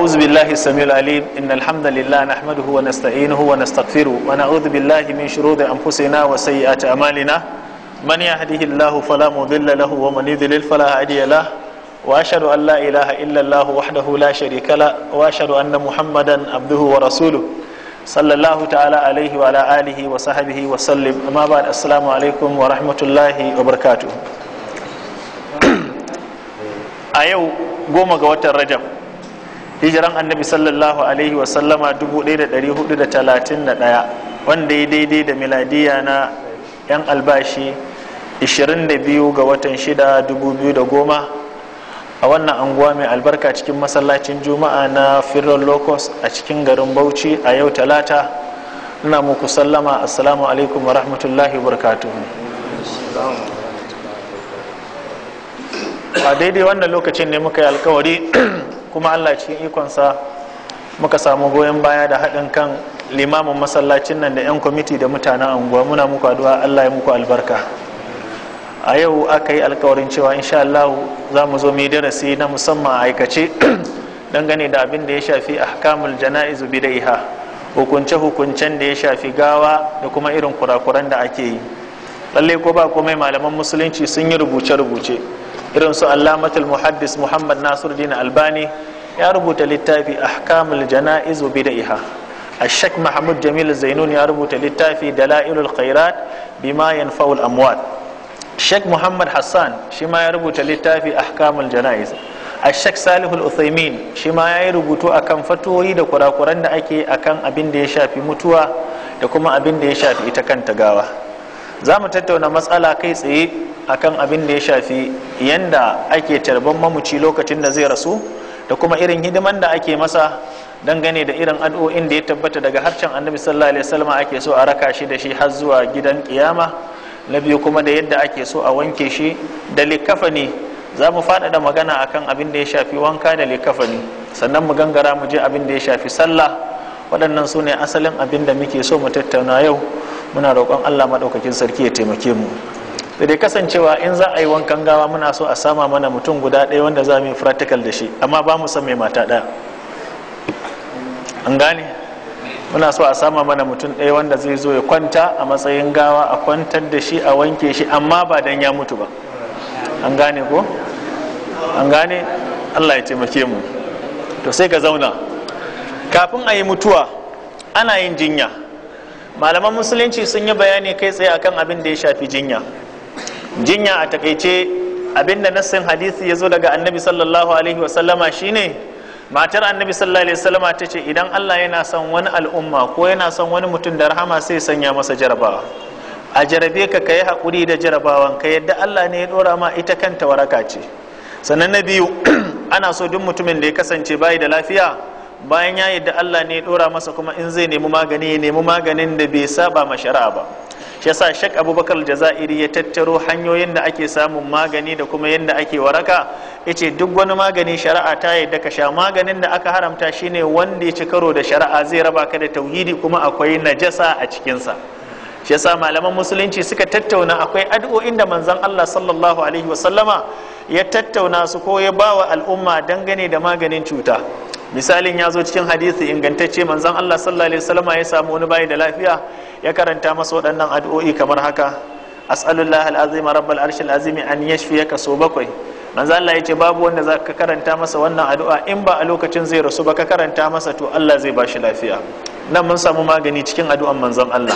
أعوذ بالله السميع العليم إن الحمد لله نحمده ونستعينه ونستغفره ونعوذ بالله من شرور أنفسنا وسيئات أعمالنا من يهده الله فلا مضل له ومن يضلل فلا هادي له وأشهد أن لا إله إلا الله وحده لا شريك له وأشهد أن محمدا عبده ورسوله صلى الله تعالى عليه وعلى آله وصحبه وسلم أما بعد السلام عليكم ورحمة الله وبركاته أيو قوم قوة الرجب hijiran annabi sallallahu alaihi wasallama 1431 wanda ya daidai da miladiya na 'yan albashi 22 ga watan shida 6 goma a wannan anguwa mai albarka cikin masallacin juma'a na firar locus a cikin garin bauchi a yau talata ina muku sallama assalamu alaikum wa rahmatullahi wa a daidai wannan lokacin ne muka yi alkawari kuma allah cikin ikonsa muka samu goyon baya da haɗin kan limamin masallacin nan da 'yan kwamiti da mutanen unguwa muna muku addu'a allah ya muku albarka a yau aka yi alkawarin cewa insha allahu za mu zo mu darasi na musamman a aikace dangane da abin da ya shafi ahkamul jana'izu bidaiha hukunce hukuncen da ya shafi gawa da kuma irin kurakuran da ake yi lalle ko ba komai malaman musulunci sun yi rubuce rubuce irin su allamatul muhaddis muhammad nasiruddin albani ya rubuta littafi ahkamul jana'iz A shek mahmud jamil zainun ya rubuta littafi dalailul khairat bima yanfa'ul amwat shek muhammad hassan shi ma ya rubuta littafi ahkamul jana'iz ashek salihul uthaymin shi ma ya yi rubutu akan fatoyi da kurakuran da ake akan abin da ya shafi mutuwa da kuma abin da ya shafi ita kanta gawa za mu tattauna matsala kai tsaye akan abin da ya shafi yanda ake tarban mamuci lokacin da zai rasu da kuma irin hidiman da ake masa dangane da irin addu'o'in da ya tabbata daga harshen annabi sallallahu alaihi wasallam ake so a raka shi da shi har zuwa gidan kiyama na biyu kuma da yadda ake so a wanke shi da likafani za mu faɗaɗa magana akan abin da ya shafi wanka da likafani sannan mu gangara mu je abin da ya shafi sallah waɗannan su ne asalin abin da muke so mu tattauna yau muna roƙon allah maɗaukakin sarki ya taimake mu da dai kasancewa in za a yi wankan gawa muna so a sama mana mutum guda ɗaya wanda za mu yi practical da shi amma ba mu san mai mata ɗaya an gane muna so a sama mana mutum ɗaya wanda zai zo ya kwanta a matsayin gawa a kwantar da shi a wanke shi amma ba dan ya mutu ba an gane ko an gane allah ya taimake mu to sai ka zauna kafin a yi mutuwa ana yin jinya malaman musulunci sun yi bayani kai tsaye akan abin da ya shafi jinya jinya a takaice abin da nassin hadisi ya zo daga annabi sallallahu alaihi wasallama shine matar annabi sallallahu alaihi wasallama ta ce idan allah yana son wani al'umma ko yana son wani mutum da rahama sai sanya masa jarabawa a jarabe ka ka yi haƙuri da jarabawan ka yadda allah ne ya ɗora ma ita kanta waraka ce sannan na biyu ana so duk mutumin da ya kasance bayi da lafiya bayan ya yadda Allah ne ya dora masa kuma in zai nemi magani ya nemi maganin da bai saba ma shari'a ba shi yasa Sheikh Abubakar Jazairi ya tattaro hanyoyin da ake samun magani da kuma yadda ake waraka yace duk wani magani shari'a ta yadda ka sha maganin da aka haramta shine wanda ya ci karo da shari'a zai raba ka da tauhidi kuma akwai najasa a cikinsa shi yasa malaman musulunci suka tattauna akwai addu'o'in da manzon Allah sallallahu alaihi wasallama ya tattauna su ko ya bawa al'umma dangane da maganin cuta misalin ya zo cikin hadisi ingantacce manzon Allah sallallahu alaihi wasallam ya samu wani bayi da lafiya ya karanta masa waɗannan addu'o'i kamar haka as'alullah al rabbul rabbal arshil azim an yashfiyaka so bakwai manzan Allah ya ce babu wanda za ka karanta masa wannan addu'a in ba a lokacin zai rasu ba ka karanta masa to Allah zai ba shi lafiya nan mun samu magani cikin addu'an manzan Allah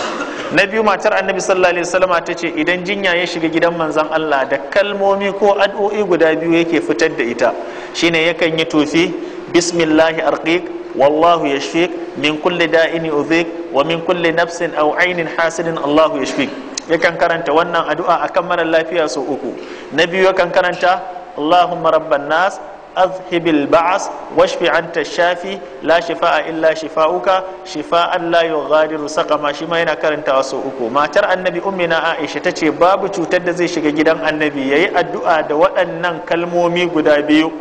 na biyu matar annabi sallallahu alaihi wasallam ta ce idan jinya ya shiga gidan manzon Allah da kalmomi ko addu'o'i guda biyu yake fitar da ita shine yakan yi tofi bismillahi arqiq wallahu yashfik min kulli da'in yuzik wa min kulli nafsin aw ainin hasidin allahu yashfik yakan karanta wannan addu'a akan mara lafiya so uku na biyu yakan karanta allahumma rabban nas اذهب البعث واشف shafi الشافي لا شفاء الا شفاؤك شفاء لا يغادر سقما shi ma yana karantawa sau uku matar annabi ummina aisha ta ce babu cutar da zai shiga gidan annabi yayi addu'a da waɗannan kalmomi guda biyu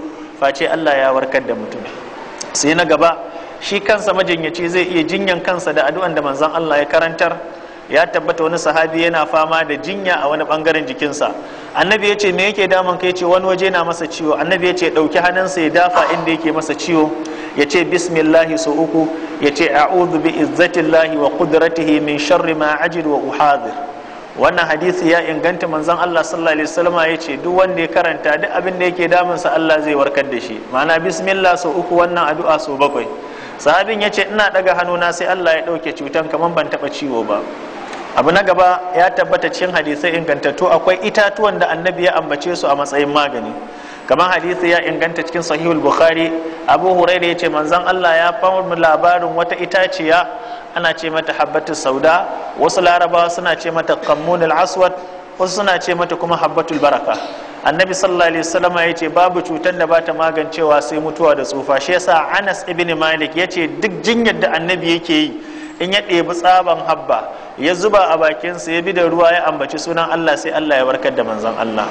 face Allah ya warkar da mutum sai na gaba shi kansa majinyaci zai iya jinyan kansa da addu'an da manzon Allah ya karantar ya tabbata wani sahabi yana fama da jinya a wani bangaren jikinsa annabi ya ce me yake damun kai ce wani waje na masa ciwo annabi ya ce ɗauki hannunsa ya dafa inda yake masa ciwo ya ce bismillahi sau uku ya ce a'udhu bi izzatillahi wa qudratihi min sharri ma ajid wa uhadir wannan hadisi ya inganta manzon Allah sallallahu alaihi wasallam ya ce duk wanda ya karanta duk abin da yake damunsa Allah zai warkar da shi ma'ana bismillah so uku wannan addu'a so bakwai sahabin ya ce ina daga hannuna sai Allah ya ɗauke cutan kamar ban taɓa ciwo ba abu na gaba ya tabbata cikin hadisai ingantattu akwai itatuwan da annabi ya ambace su a matsayin magani kamar hadisi ya inganta cikin sahihul bukhari abu huraira ya ce manzon allah ya famu labarin wata itaciya ana ce mata habbatus sauda wasu larabawa suna ce mata kammunul aswad wasu suna ce mata kuma habbatul baraka annabi sallallahu alaihi wasallam ya ce babu cutar da bata magancewa sai mutuwa da tsufa shi yasa anas ibn malik ya ce duk jinyar da annabi yake yi in ya ɗebi tsaban habba ya zuba a bakinsa ya bi da ruwa ya ambaci sunan allah sai allah ya warkar da manzon allah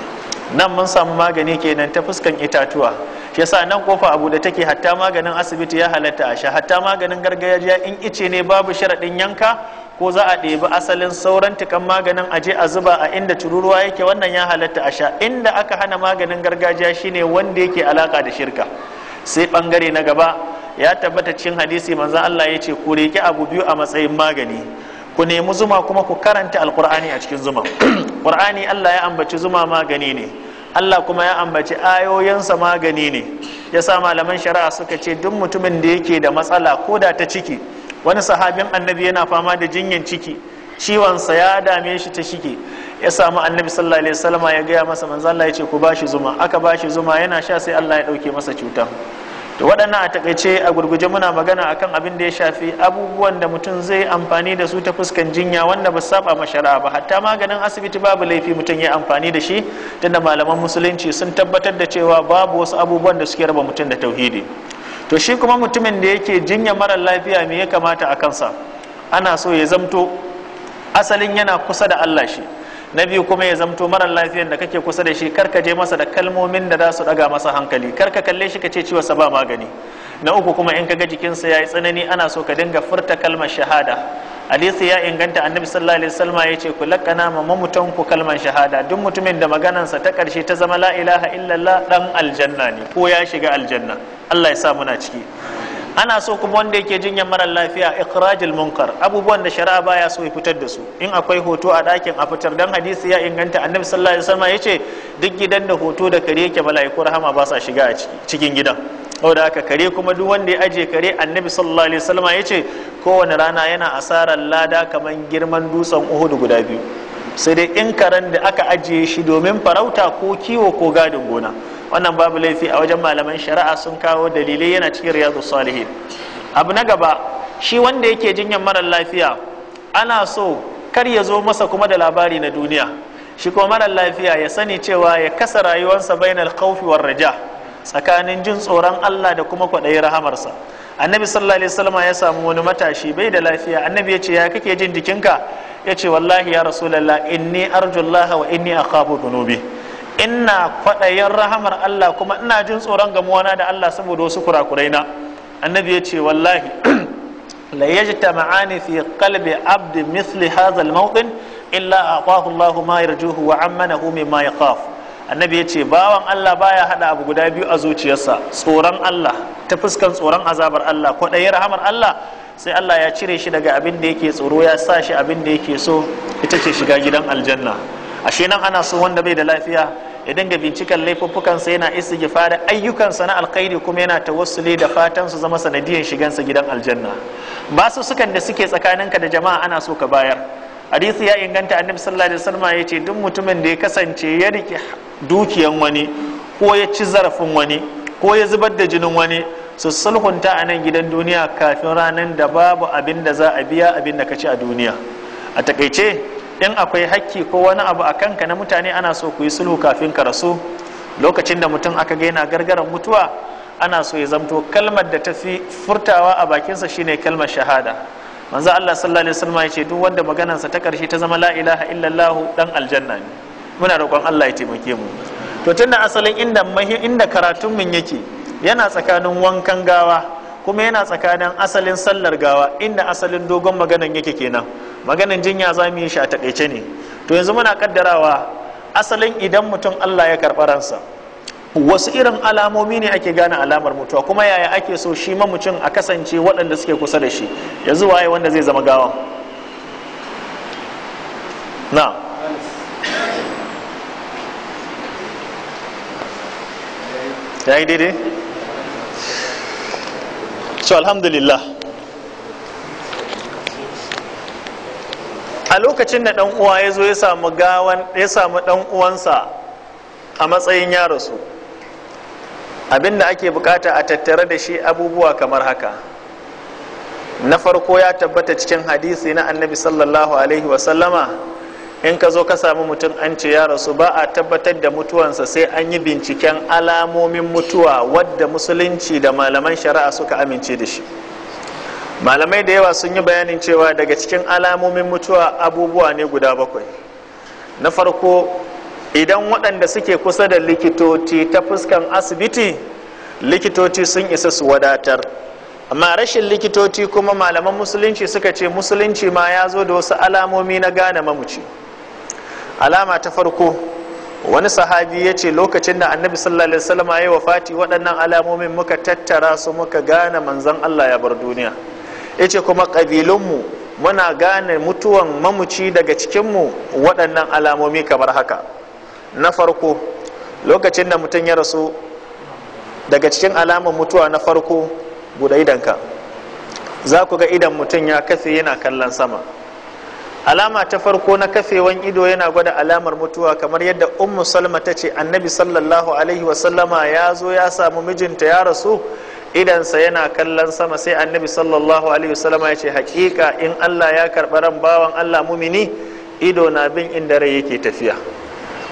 nan mun samu magani kenan ta fuskan itatuwa shi yasa nan kofa abu da take hatta maganin asibiti ya halatta a hatta maganin gargajiya in ice ne babu sharaɗin yanka ko za a ɗebi asalin sauran tukan maganin aje a zuba a inda tururuwa yake wannan ya halatta a sha inda aka hana maganin gargajiya shine wanda yake alaka da shirka sai bangare na gaba ya tabbata cikin hadisi manzon Allah ya ce ku riƙe abu biyu a matsayin magani ku nemi zuma kuma ku karanta alkur'ani a cikin zuma Ƙur'ani Allah ya ambaci zuma magani ne Allah kuma ya ambaci ayoyinsa magani ne ya sa malaman shari'a suka ce duk mutumin da yake da matsala ko da ta ciki wani sahabin annabi yana fama da jinyan ciki Ciwon sa ya dame shi ta shike ya samu annabi sallallahu alaihi wasallam ya gaya masa manzo Allah ya ce ku bashi zuma aka bashi zuma yana sha sai Allah ya dauke masa cutar to waɗannan a takaice a gurguje muna magana akan abin da ya shafi abubuwan da mutum zai amfani da su ta fuskan jinya wanda ba saba ma shari'a ba hatta maganin asibiti babu laifi mutum ya amfani da shi tunda malaman musulunci sun tabbatar da cewa babu wasu abubuwan da suke raba mutum da tauhidi to shi kuma mutumin da yake jinya marar lafiya me ya kamata a kansa ana so ya zamto asalin yana kusa da Allah shi na biyu kuma ya zamto marar lafiyan da kake kusa da shi karka je masa da kalmomin da za su daga masa hankali karka kalle shi ka ce sa ba magani na uku kuma in ka ga jikinsa ya yi tsanani ana so ka dinga furta kalmar shahada alisi ya inganta annabi sallallahu alaihi wasallam ya ce ku lakana ma mamutan ku kalmar shahada duk mutumin da maganarsa ta karshe ta zama la ilaha illallah dan aljanna ne ko ya shiga aljanna Allah ya sa muna ciki ana so kuma wanda yake jinyar marar lafiya ikrajil munkar abubuwan da shari'a baya so ya fitar da su in akwai hoto a dakin a fitar dan hadisi ya inganta annabi sallallahu alaihi wasallam yace duk gidan da hoto da kare yake mala'iku rahama ba sa shiga a cikin gidan saboda haka kare kuma duk wanda ya aje kare annabi sallallahu alaihi wasallam yace kowane rana yana asarar lada kamar girman dutsen Uhud guda biyu sai dai in karen da aka ajiye shi domin farauta ko kiwo ko gadin gona wannan babu laifi a wajen malaman shari'a sun kawo dalilai yana cikin riyadu salihin abu na gaba shi wanda yake jinyar marar lafiya ana so kar ya zo masa kuma da labari na duniya shi kuma marar lafiya ya sani cewa ya kasa rayuwarsa bainal khawfi war raja tsakanin jin tsoron Allah da kuma kwaɗayin rahamarsa annabi sallallahu alaihi wasallam ya samu wani matashi bai da lafiya annabi ya ce ya kake jin jikinka ya ce wallahi ya rasulallah inni arjullaha wa inni akhafu dhunubi ina kwaɗayen rahamar Allah kuma ina jin tsoron gamuwana da Allah saboda wasu kurakurai na annabi ya ce wallahi la yajtama'ani fi qalbi abdi misli hadha al-mawqin illa aqahu Allah ma yarjuhu wa ammanahu mimma yaqaf annabi ya ce bawan Allah baya hada abu guda biyu a zuciyarsa tsoron Allah ta fuskan tsoron azabar Allah kwaɗayin rahamar Allah sai Allah ya cire shi daga abin da yake tsoro ya sa shi abin da yake so ita ce shiga gidan aljanna ashe nan ana so wanda bai da lafiya ya dinga bincikan laifuffukansa yana istighfari ayyukansa na alkhairi kuma yana tawassuli da fatan su zama sanadiyan shigansa gidan aljanna ba su sukan da suke tsakaninka da jama'a ana so ka bayar hadisi ya inganta annabi sallallahu alaihi wasallam ya ce duk mutumin da ya kasance ya rike dukiyan wani ko ya ci zarafin wani ko ya zubar da jinin wani su sulhunta a nan gidan duniya kafin ranar da babu abin da za a biya abin da ka ci a duniya a takaice in akwai hakki ko wani abu a kanka na mutane ana so ku yi sulhu kafin ka rasu lokacin da mutum aka gaina yana gargaran mutuwa ana so ya zamto kalmar da ta fi furtawa a bakinsa shine kalmar shahada manzo Allah sallallahu alaihi wasallam ya ce duk wanda sa ta karshe ta zama la ilaha illallah dan aljanna ne muna roƙon Allah ya taimake mu to tunda asalin inda inda karatun mun yake yana tsakanin wankan gawa kuma yana tsakanin asalin sallar gawa inda asalin dogon maganan yake kenan maganan jinya za mu yi shi a takaice ne to yanzu muna kaddarawa asalin idan mutum Allah ya karɓa ransa wasu irin alamomi ne ake gane alamar mutuwa kuma yaya ake so shi ma mutum a kasance waɗanda suke kusa da shi yanzu waye wanda zai zama gawan na ya yi daidai so alhamdulillah a lokacin da dan uwa ya zo ya samu gawan ya samu dan uwansa a matsayin ya su, abinda ake bukata a tattare da shi abubuwa kamar haka na farko ya tabbata cikin hadisi na annabi sallallahu alaihi wasallama in ka zo ka samu mutum an ce ya rasu ba a tabbatar da mutuwansa sai an yi binciken alamomin mutuwa wadda musulunci da malaman shari'a suka amince da shi malamai da yawa sun yi bayanin cewa daga cikin alamomin mutuwa abubuwa ne guda bakwai na farko idan waɗanda suke kusa da likitoci ta fuskan asibiti likitoci sun isa su wadatar amma rashin likitoci kuma malaman musulunci suka ce musulunci ma ya zo da wasu alamomi na gane mamuci alama ta farko wani sahabi ya ce lokacin da annabi sallallahu alaihi wasallam ya wafati waɗannan alamomin muka tattara su muka gane manzon Allah ya bar duniya ya ce kuma ƙabilunmu muna gane mutuwan mamuci daga cikinmu waɗannan alamomi kamar haka na farko lokacin da mutum ya rasu daga cikin alamar mutuwa na farko buɗe idanka za ku ga idan mutum ya kafe yana kallon sama alama ta farko na kafewan ido yana gwada alamar mutuwa kamar yadda ummu salma ta ce annabi sallallahu alaihi wasallama ya zo ya samu mijinta ya rasu idansa yana kallon sama sai annabi sallallahu alaihi wasallama ya ce hakika in allah ya karɓi ran bawan allah mumini ido na bin inda rai yake tafiya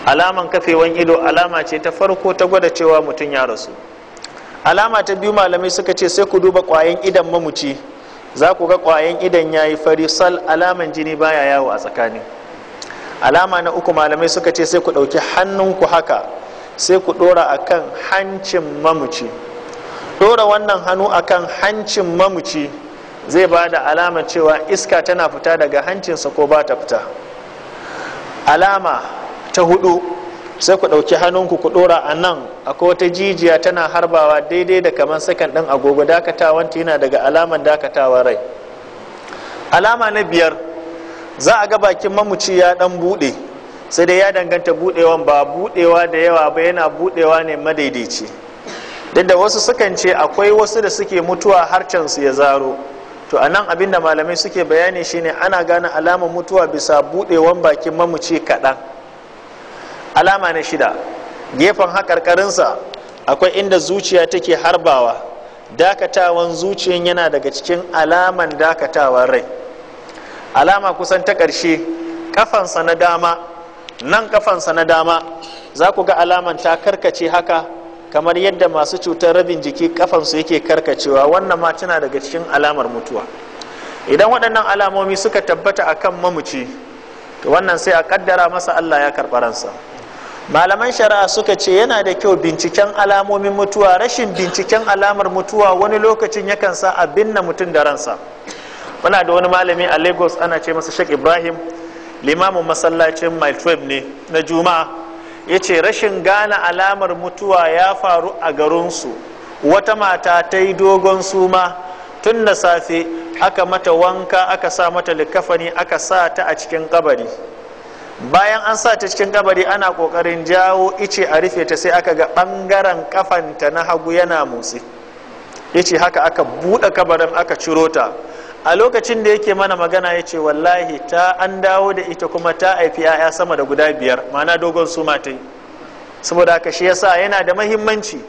alaman kafewan ido alama ce ta farko ta gwada cewa mutum ya rasu alama ta biyu malamai suka ce sai ku duba kwayan idan mamuci za ku ga ƙwayan idan ya yi fari sal alaman jini baya yawo a tsakani alama na uku malamai suka ce sai ku ɗauki hannunku haka sai ku ɗora a kan hancin mamuci ɗora wannan hannu a kan hancin mamuci zai ba da alamar cewa iska tana fita daga hancinsa ko ba ta fita alama ta hudu sai ku ɗauki hannunku ku ɗora a nan akwai wata jijiya tana harbawa daidai da kamar sakan ɗin agogo dakatawanta yana daga alaman dakatawa rai alama na biyar za a ga bakin mamuci ya ɗan buɗe sai dai ya danganta buɗewan ba buɗewa da yawa ba yana buɗewa ne madaidaici duk da wasu sukan ce akwai wasu da suke mutuwa har can su ya zaro to a nan abinda malamai suke bayani shine ana gane alamar mutuwa bisa buɗewan bakin mamuci kaɗan alama na shida gefen haƙarƙarinsa akwai inda zuciya take harbawa dakatawan zuciyan yana daga cikin alaman dakatawan rai alama kusan ta ƙarshe kafansa na dama nan kafansa na dama za ku ga alaman ta karkace haka kamar yadda masu cutar rabin jiki kafansu yake karkacewa wannan ma tana daga cikin alamar mutuwa idan waɗannan alamomi suka tabbata a kan mamuci to wannan sai a ƙaddara masa allah ya karɓaransa ransa malaman shari'a suka ce yana da kyau binciken alamomin mutuwa rashin binciken alamar mutuwa wani lokacin yakan sa a binne mutum da ransa muna da wani malami a lagos ana ce masa sheikh ibrahim limamin masallacin mile 12 ne na juma'a ya ce rashin gane alamar mutuwa ya faru a garinsu wata mata ta yi dogon suma tun da safe aka mata wanka aka sa mata likafani aka sa ta a cikin kabari bayan an sa ta cikin kabari ana kokarin jawo ice a rufe ta sai aka ga bangaren kafanta na hagu yana motsi yace haka aka buɗe kabarin aka ciro ta a lokacin da yake mana magana ya ce wallahi ta an dawo da ita kuma ta haifi 'ya'ya sama da guda biyar mana dogon su matai saboda haka shi yasa yana da mahimmanci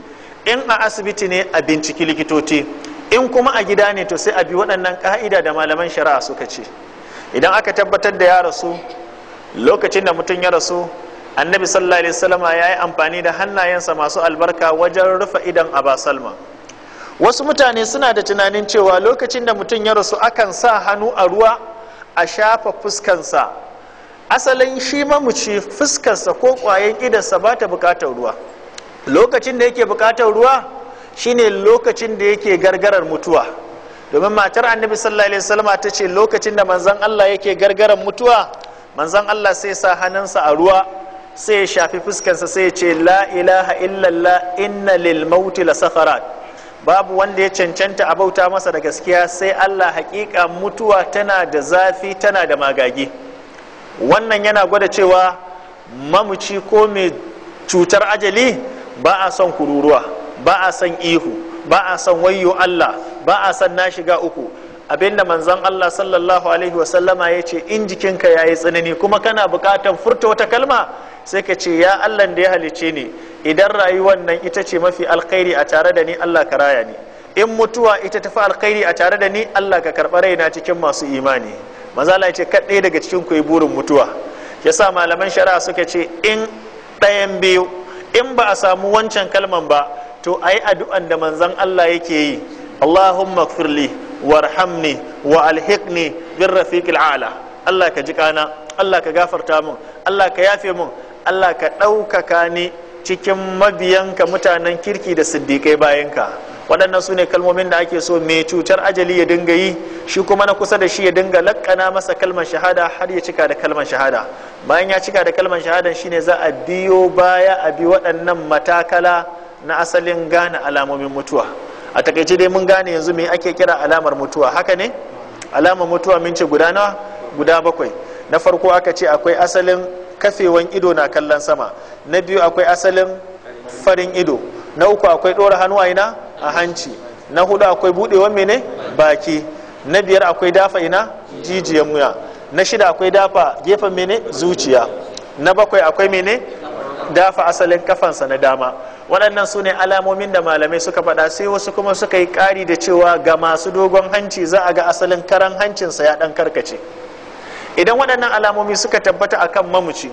in a asibiti ne a binciki likitoci in kuma a gida ne to sai a bi waɗannan ƙa'ida da malaman shari'a suka ce idan aka tabbatar da ya rasu lokacin da mutum ya rasu annabi sallallahu alaihi wasallama ya yi amfani da hannayensa masu albarka wajen rufe idan aba salma wasu mutane suna da tunanin cewa lokacin da mutum ya rasu akan sa hannu a ruwa a shafa fuskansa asalin shi mamuci fuskarsa ko kwayan idansa ba ta bukatar ruwa lokacin da yake bukatar ruwa shine lokacin da yake gargarar mutuwa domin matar annabi sallallahu alaihi wasallama ta ce lokacin da manzon Allah yake gargarar mutuwa manzon Allah sai sa hannunsa a ruwa sai ya shafi fuskarsa sai ya ce la ilaha illallah inna lil mauti la sakarat babu wanda ya cancanta a bauta masa da gaskiya sai Allah hakika mutuwa tana da zafi tana da magagi wannan yana gwada cewa mamuci ko mai cutar ajali ba a son kururuwa ba a son ihu ba a son wayo Allah ba a son na shiga uku abinda manzon Allah sallallahu alaihi wasallama ya ce in jikinka ya yi tsanani kuma kana bukatar furta wata kalma sai ka ce ya Allah da ya halice ni idan rayuwar nan ita ce mafi alkhairi a tare da ni Allah ka raya ni in mutuwa ita tafi alkhairi a tare da ni Allah ka karɓa raina cikin masu imani manzo Allah ya ce kaɗai daga cikin ku yi burin mutuwa yasa malaman shari'a suka ce in ɗayan biyu in ba a samu wancan kalman ba to ayi addu'an da manzon Allah yake yi Allahumma kfirli warhamni wa alhiqni bin rafiqil ala Allah ka ji kana Allah ka gafarta mun Allah ka yafe mun Allah ka ɗaukaka ni cikin mabiyanka mutanen kirki da siddiƙai bayanka waɗannan su ne kalmomin da ake so mai cutar ajali ya dinga yi shi kuma na kusa da shi ya dinga lakkana masa kalmar shahada har ya cika da kalmar shahada bayan ya cika da kalmar shahada shine za a biyo baya a bi waɗannan matakala na asalin gane alamomin mutuwa a takaice dai mun gane yanzu me ake kira alamar mutuwa haka ne alamar mutuwa min ce guda nawa guda bakwai na farko aka ce akwai asalin kafewan ido na kallon sama na biyu akwai asalin farin ido na uku akwai ɗora hannu a ina a hanci na hudu akwai buɗewan mene baki na biyar akwai dafa ina Jijiyan muya na shida akwai dafa gefen mene zuciya na bakwai akwai mene dafa asalin kafansa na dama waɗannan su ne alamomin da malamai suka faɗa sai wasu kuma suka yi ƙari da cewa ga masu dogon hanci za a ga asalin karan hancinsa ya ɗan karkace idan waɗannan alamomi suka tabbata a kan mamuci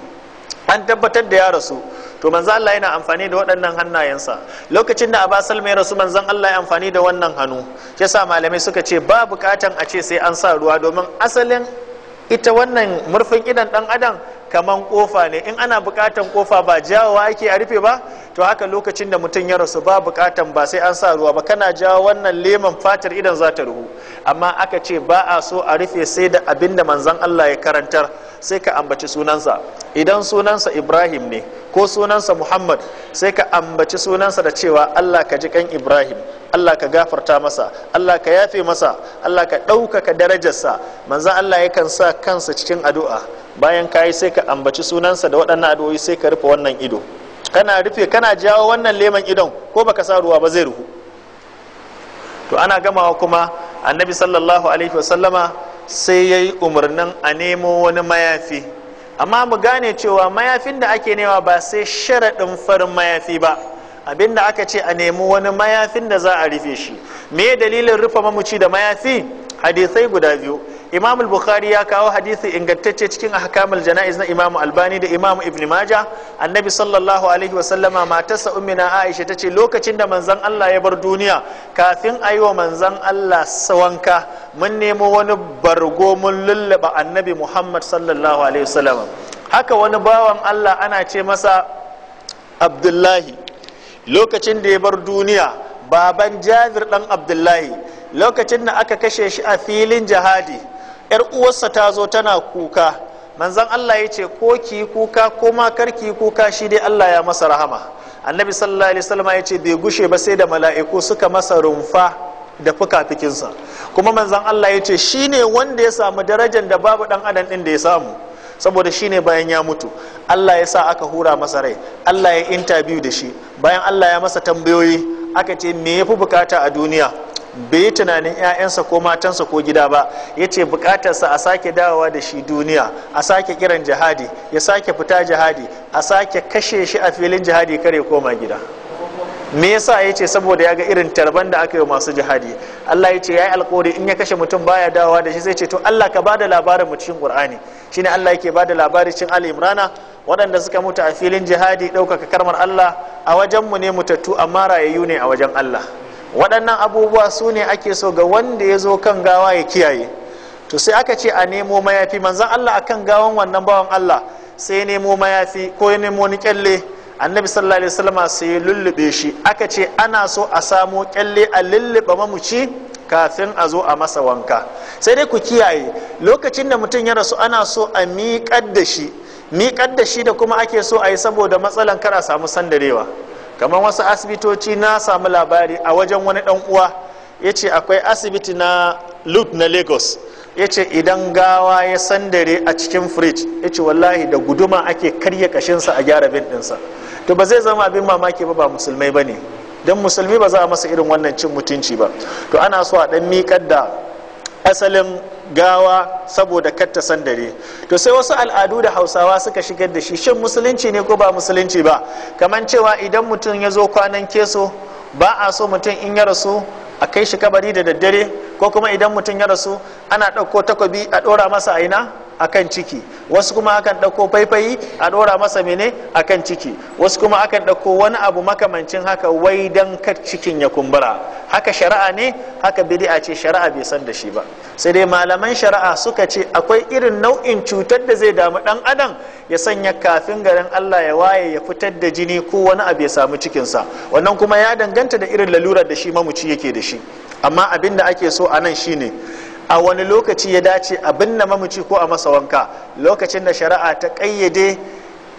an tabbatar da ya rasu to manzan Allah yana amfani da waɗannan hannayensa lokacin da abasal mai rasu manzan Allah ya amfani da wannan hannu ya sa malamai suka ce ba bukatan a ce sai an sa ruwa domin asalin ita wannan murfin idan ɗan adam kaman kofa ne in ana bukatan kofa ba jawowa ake a rufe ba to haka lokacin da mutum ya rasu ba bukatan ba sai an sa ruwa ba kana jawo wannan leman fatar idan za ta ruhu amma aka ce ba a so a rufe sai da abin da manzon Allah ya karantar sai ka ambaci sunansa idan sunansa Ibrahim ne ko sunansa Muhammad sai ka ambaci sunansa da cewa Allah ka ji kan Ibrahim Allah ka gafarta masa Allah ka yafe masa Allah ka ɗaukaka darajarsa manzon Allah yakan sa kansa cikin addu'a bayan kayi sai ka ambaci sunansa da waɗannan addu'o'i sai ka rufe wannan ido kana rufe kana jawo wannan leman idon ko baka sa ruwa ba zai ruhu to ana gamawa kuma annabi sallallahu alaihi wa sallama sai yayi yi umarnin a nemo wani mayafi amma mu gane cewa mayafin da ake nema ba sai sharaɗin farin mayafi ba abinda aka ce a nemo wani mayafin da za a rufe shi me dalilin rufe mamuci da mayafi hadisai guda biyu Imamul bukhari ya kawo hadisi ingantacce cikin ahkamul janaiz na imam albani da imam ibn maja annabi sallallahu alaihi wa sallama matarsa ummina aisha tace lokacin da manzon Allah ya bar duniya kafin ayi wa manzon Allah sawanka mun nemo wani bargo mun lullaba annabi muhammad sallallahu alaihi wa sallama haka wani bawan Allah ana ce masa abdullahi lokacin da ya bar duniya baban jabir dan abdullahi lokacin da aka kashe shi a filin jihadi yar uwarsa ta zo tana kuka manzon Allah ya ce ko ki kuka ko ma kar ki kuka shi dai Allah ya masa rahama annabi sallallahu alaihi wasallam ya ce bai gushe ba sai da mala'iku suka masa rumfa da fuka kuma manzon Allah ya ce shine wanda ya samu darajar da babu dan adam din da ya samu saboda shine bayan ya mutu Allah ya sa aka hura masa rai Allah ya interview da shi bayan Allah ya masa tambayoyi aka ce me yafi bukata a duniya bai yi tunanin 'ya'yansa ko matansa ko gida ba ya ce bukatarsa a sake dawowa da shi duniya a sake kiran jihadi ya sake fita jihadi a sake kashe shi a filin jihadi kare koma gida me yasa ya ce saboda ya ga irin tarban da aka yi masu jihadi Allah ya ce ya yi alkawari in ya kashe mutum baya dawowa da shi zai ce to Allah ka bada labarin mu cikin Qur'ani shine Allah yake bada labarin cikin Ali Imrana waɗanda suka mutu a filin jihadi ɗaukaka karmar Allah a wajen mu ne mutattu amma rayayyu ne a wajen Allah waɗannan abubuwa su ne ake so ga wanda ya zo kan gawa ya kiyaye to sai aka ce a nemo mayafi manzon Allah akan gawan wannan bawan Allah sai nemo mayafi ko nemo ni kyalle annabi sallallahu alaihi wasallama sai lullube shi aka ce ana so a samu kyalle a lullube mamuci kafin a zo a masa wanka sai dai ku kiyaye lokacin da mutum ya rasu ana so a miƙar da shi miƙar da shi da kuma ake so a yi saboda matsalan kar a samu sandarewa kamar wasu asibitoci na samu labari a wajen wani dan uwa yace akwai asibiti na lut na lagos yace idan gawa ya sandare a cikin fridge yace wallahi da guduma ake karya kashinsa a gyara bin to ba zai zama abin mamaki ba ba musulmai ba ne don musulmi ba za a masa irin wannan cin mutunci ba to ana so a dan miƙar da asalin gawa saboda katta sandare to sai wasu al'adu da hausawa suka shigar da shi shin musulunci ne ko ba musulunci ba kamar cewa idan mutum ya zo kwanan keso ba a so mutum in ya rasu a kai shi kabari da daddare ko kuma idan mutum ya rasu ana ɗauko takobi a ɗora masa aina akan ciki wasu kuma akan ɗauko faifayi a ɗora masa mene akan ciki wasu kuma akan ɗauko wani abu makamancin haka wai dan kar cikin ya kumbura haka shari'a ne haka bid'a ce shari'a bai san da shi ba sai dai malaman shari'a suka ce akwai irin nau'in cutar da zai damu dan adam ya sanya kafin garin Allah ya waye ya fitar da jini ko wani abu ya samu cikin sa wannan kuma ya danganta da irin lalurar da shi mamuci yake da shi amma abin da ake so a nan shine a wani lokaci ya dace a binne mamaci ko a masa wanka lokacin da shari'a ta kayyade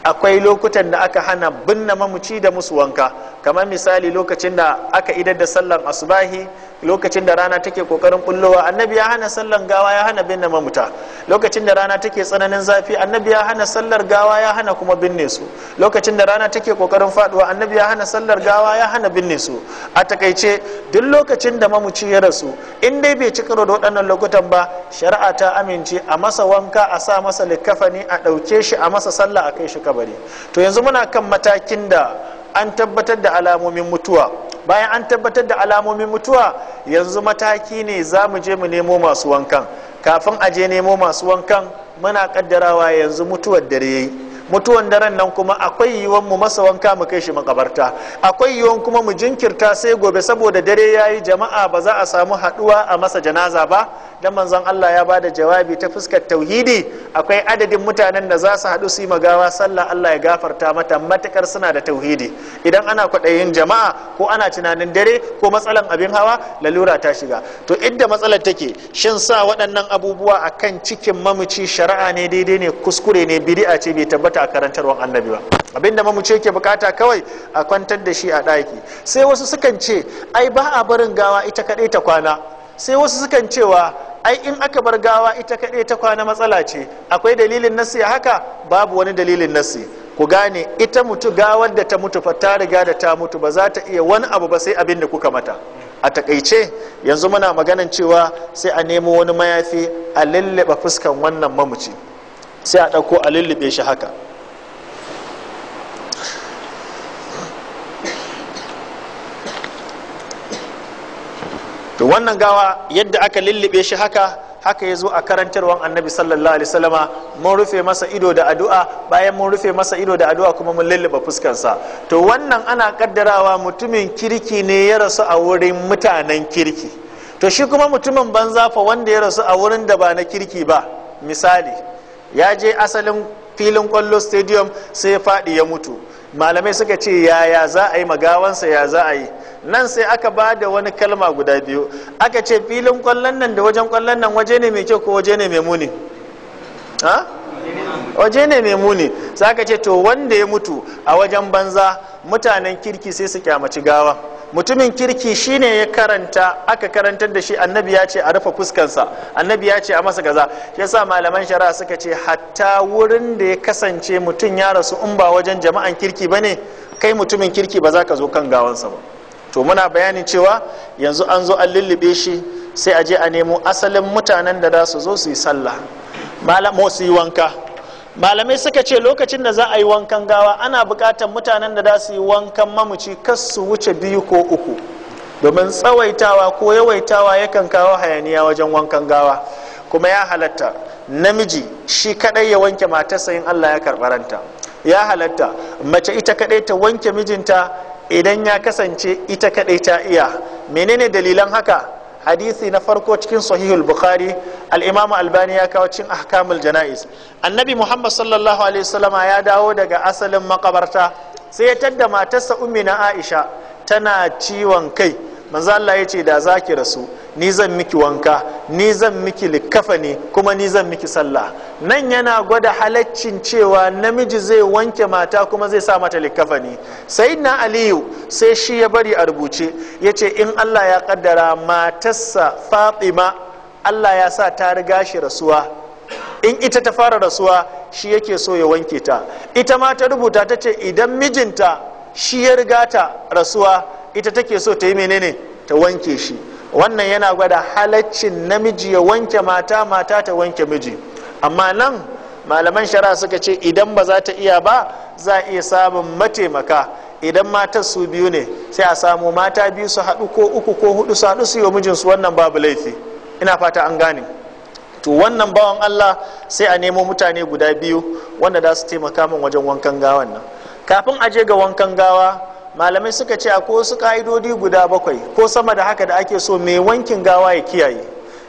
akwai lokutan da aka hana binne mamaci da musu wanka kamar misali lokacin da aka idar da sallan asubahi lokacin da rana take kokarin bullowa annabi ya hana sallar gawa ya hana binne mamuta lokacin da rana take tsananin zafi annabi ya hana sallar gawa ya hana kuma binne su lokacin da rana take kokarin faduwa annabi ya hana sallar gawa ya hana binne su a takaice duk lokacin da mamuci ya rasu in dai bai cika karo da waɗannan lokutan ba shari'a ta amince a masa wanka a sa masa likafani a ɗauke shi a masa sallah a kai shi kabari to yanzu muna kan matakin da an tabbatar da alamomin mutuwa bayan an tabbatar da alamomin mutuwa yanzu mataki ne za mu je mu nemo masu wankan kafin a je nemo masu wankan muna kaddarawa yanzu mutuwar dare yayi mutuwan daren nan kuma akwai yiwuwan mu masa wanka mu kai shi makabarta akwai yiwuwan kuma mu jinkirta sai gobe saboda dare yayi jama'a ba za a samu haduwa a masa janaza ba dan manzon Allah ya bada jawabi ta fuskar tauhidi akwai adadin mutanen da za su haɗu su yi magawa sallah Allah ya gafarta mata matakar suna da tauhidi idan ana kwaɗayin jama'a ko ana tunanin dare ko matsalan abin hawa lalura ta shiga to inda matsalar take shin sa waɗannan abubuwa a kan cikin mamaci shari'a ne daidai ne kuskure ne bid'a ce bai tabbata a karantarwar annabi ba Abin da mamaci yake bukata kawai a kwantar da shi a ɗaki sai wasu sukan ce ai ba a barin gawa ita kaɗai ta kwana sai wasu sukan cewa ai in aka bar gawa ita kaɗai ta kwana matsala ce akwai dalilin nasi a haka babu wani dalilin nasi ku gane ita mutu gawar da ta mutu fa ta riga da ta mutu ba za ta iya wani abu ba sai abin da kuka mata a takaice yanzu muna maganan cewa sai a nemo wani mayafi a lullube fuskan wannan mamuci sai a ɗauko a lullube shi haka to wannan gawa yadda aka lullube shi haka haka ya zo a karantarwan annabi sallallahu alaihi wasallama mun rufe masa ido da addu'a bayan mun rufe masa ido da addu'a kuma mun lullube fuskarsa to wannan ana kaddarawa mutumin kirki ne ya rasu a wurin mutanen kirki to shi kuma mutumin banza fa wanda ya rasu a wurin da ba na kirki ba misali ya je asalin filin kwallo stadium sai ya faɗi ya mutu malamai suka ce yaya za a yi magawansa ya za a yi nan sai aka ba da wani kalma guda biyu aka ce filin kwallon nan da wajen kwallon nan waje ne mai kyau ko waje ne mai muni ha waje ne mai muni sai aka ce to wanda ya mutu a wajen banza mutanen kirki sai su kyamaci gawa mutumin kirki shine ya karanta aka karantar da shi annabi ya ce a rufe fuskansa annabi ya ce a masa gaza ya sa malaman shari'a suka ce hatta wurin da ya kasance mutum ya rasu in ba wajen jama'an kirki ba ne kai mutumin kirki ba za ka zo kan gawansa ba to muna bayanin cewa yanzu an zo an lullube shi sai a je a nemo asalin mutanen da za su zo su yi sallah malamo su yi wanka malamai suka ce lokacin da za a yi wankan gawa ana buƙatar mutanen da za su yi wankan mamaci kas su wuce biyu ko uku domin tsawaitawa ko yawaitawa yakan kawo hayaniya wajen wankan gawa kuma ya halatta namiji shi kaɗai ya wanke matarsa in Allah ya karbaranta ya halatta mace ita kadai ta wanke mijinta idan ya kasance ita kadai ta iya menene dalilan haka hadisi na farko cikin sahihul bukhari al albani ya kawo cikin ahkamul jana'is annabi muhammad sallallahu alaihi ya dawo daga asalin makabarta sai ya tadda matarsa ummi na aisha tana ciwon kai manzo Allah ya ce da za ki rasu ni zan miki wanka ni zan miki likafani kuma ni zan miki sallah nan yana gwada halaccin cewa namiji zai wanke mata kuma zai sa mata likafani. sai na aliyu sai shi ya bari a rubuce yace in Allah ya kaddara matarsa fatima Allah ya sa ta riga shi rasuwa in ita ta fara rasuwa shi yake so ya wanke ta ita ma ta rubuta ta ce idan mijinta shi ya riga ta rasuwa ita take so ta yi menene ta wanke shi wannan yana gwada halaccin namiji ya wanke mata mata ta wanke miji amma nan malaman shari'a suka ce idan ba za ta iya ba za a iya samun mataimaka idan matar su biyu ne sai a samu mata biyu su haɗu ko uku ko hudu su haɗu su yi wa mijinsu wannan babu laifi ina fata an gane to wannan bawan allah sai a nemo mutane guda biyu wanda za su taimaka min wajen wankan gawan nan kafin a je ga wankan gawa malamai suka ce akwai wasu ka'idodi guda bakwai ko sama da haka da ake so mai wankin gawa ya kiyaye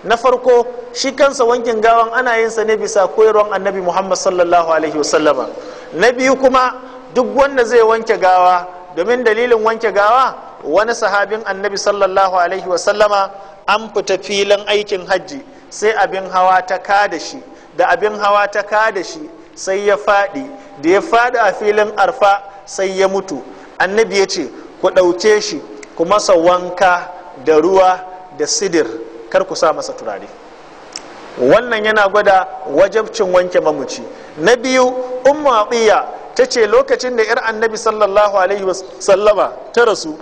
na farko shi kansa wankin gawan ana yin sa ne bisa koyarwan annabi muhammad sallallahu alaihi wasallama na biyu kuma duk wanda zai wanke gawa domin dalilin wanke gawa wani sahabin annabi sallallahu alaihi wasallama an fita filin aikin hajji sai abin hawa ta ka da shi da abin hawa ta ka da shi sai ya faɗi da ya faɗi a filin arfa sai ya mutu annabi ya ce ku ɗauke shi ku masa wanka da ruwa da sidir kar ku sa masa turare wannan yana gwada wajabcin wanke mamuci na biyu umma ta ce lokacin da 'yar annabi sallallahu alaihi wasallama ta rasu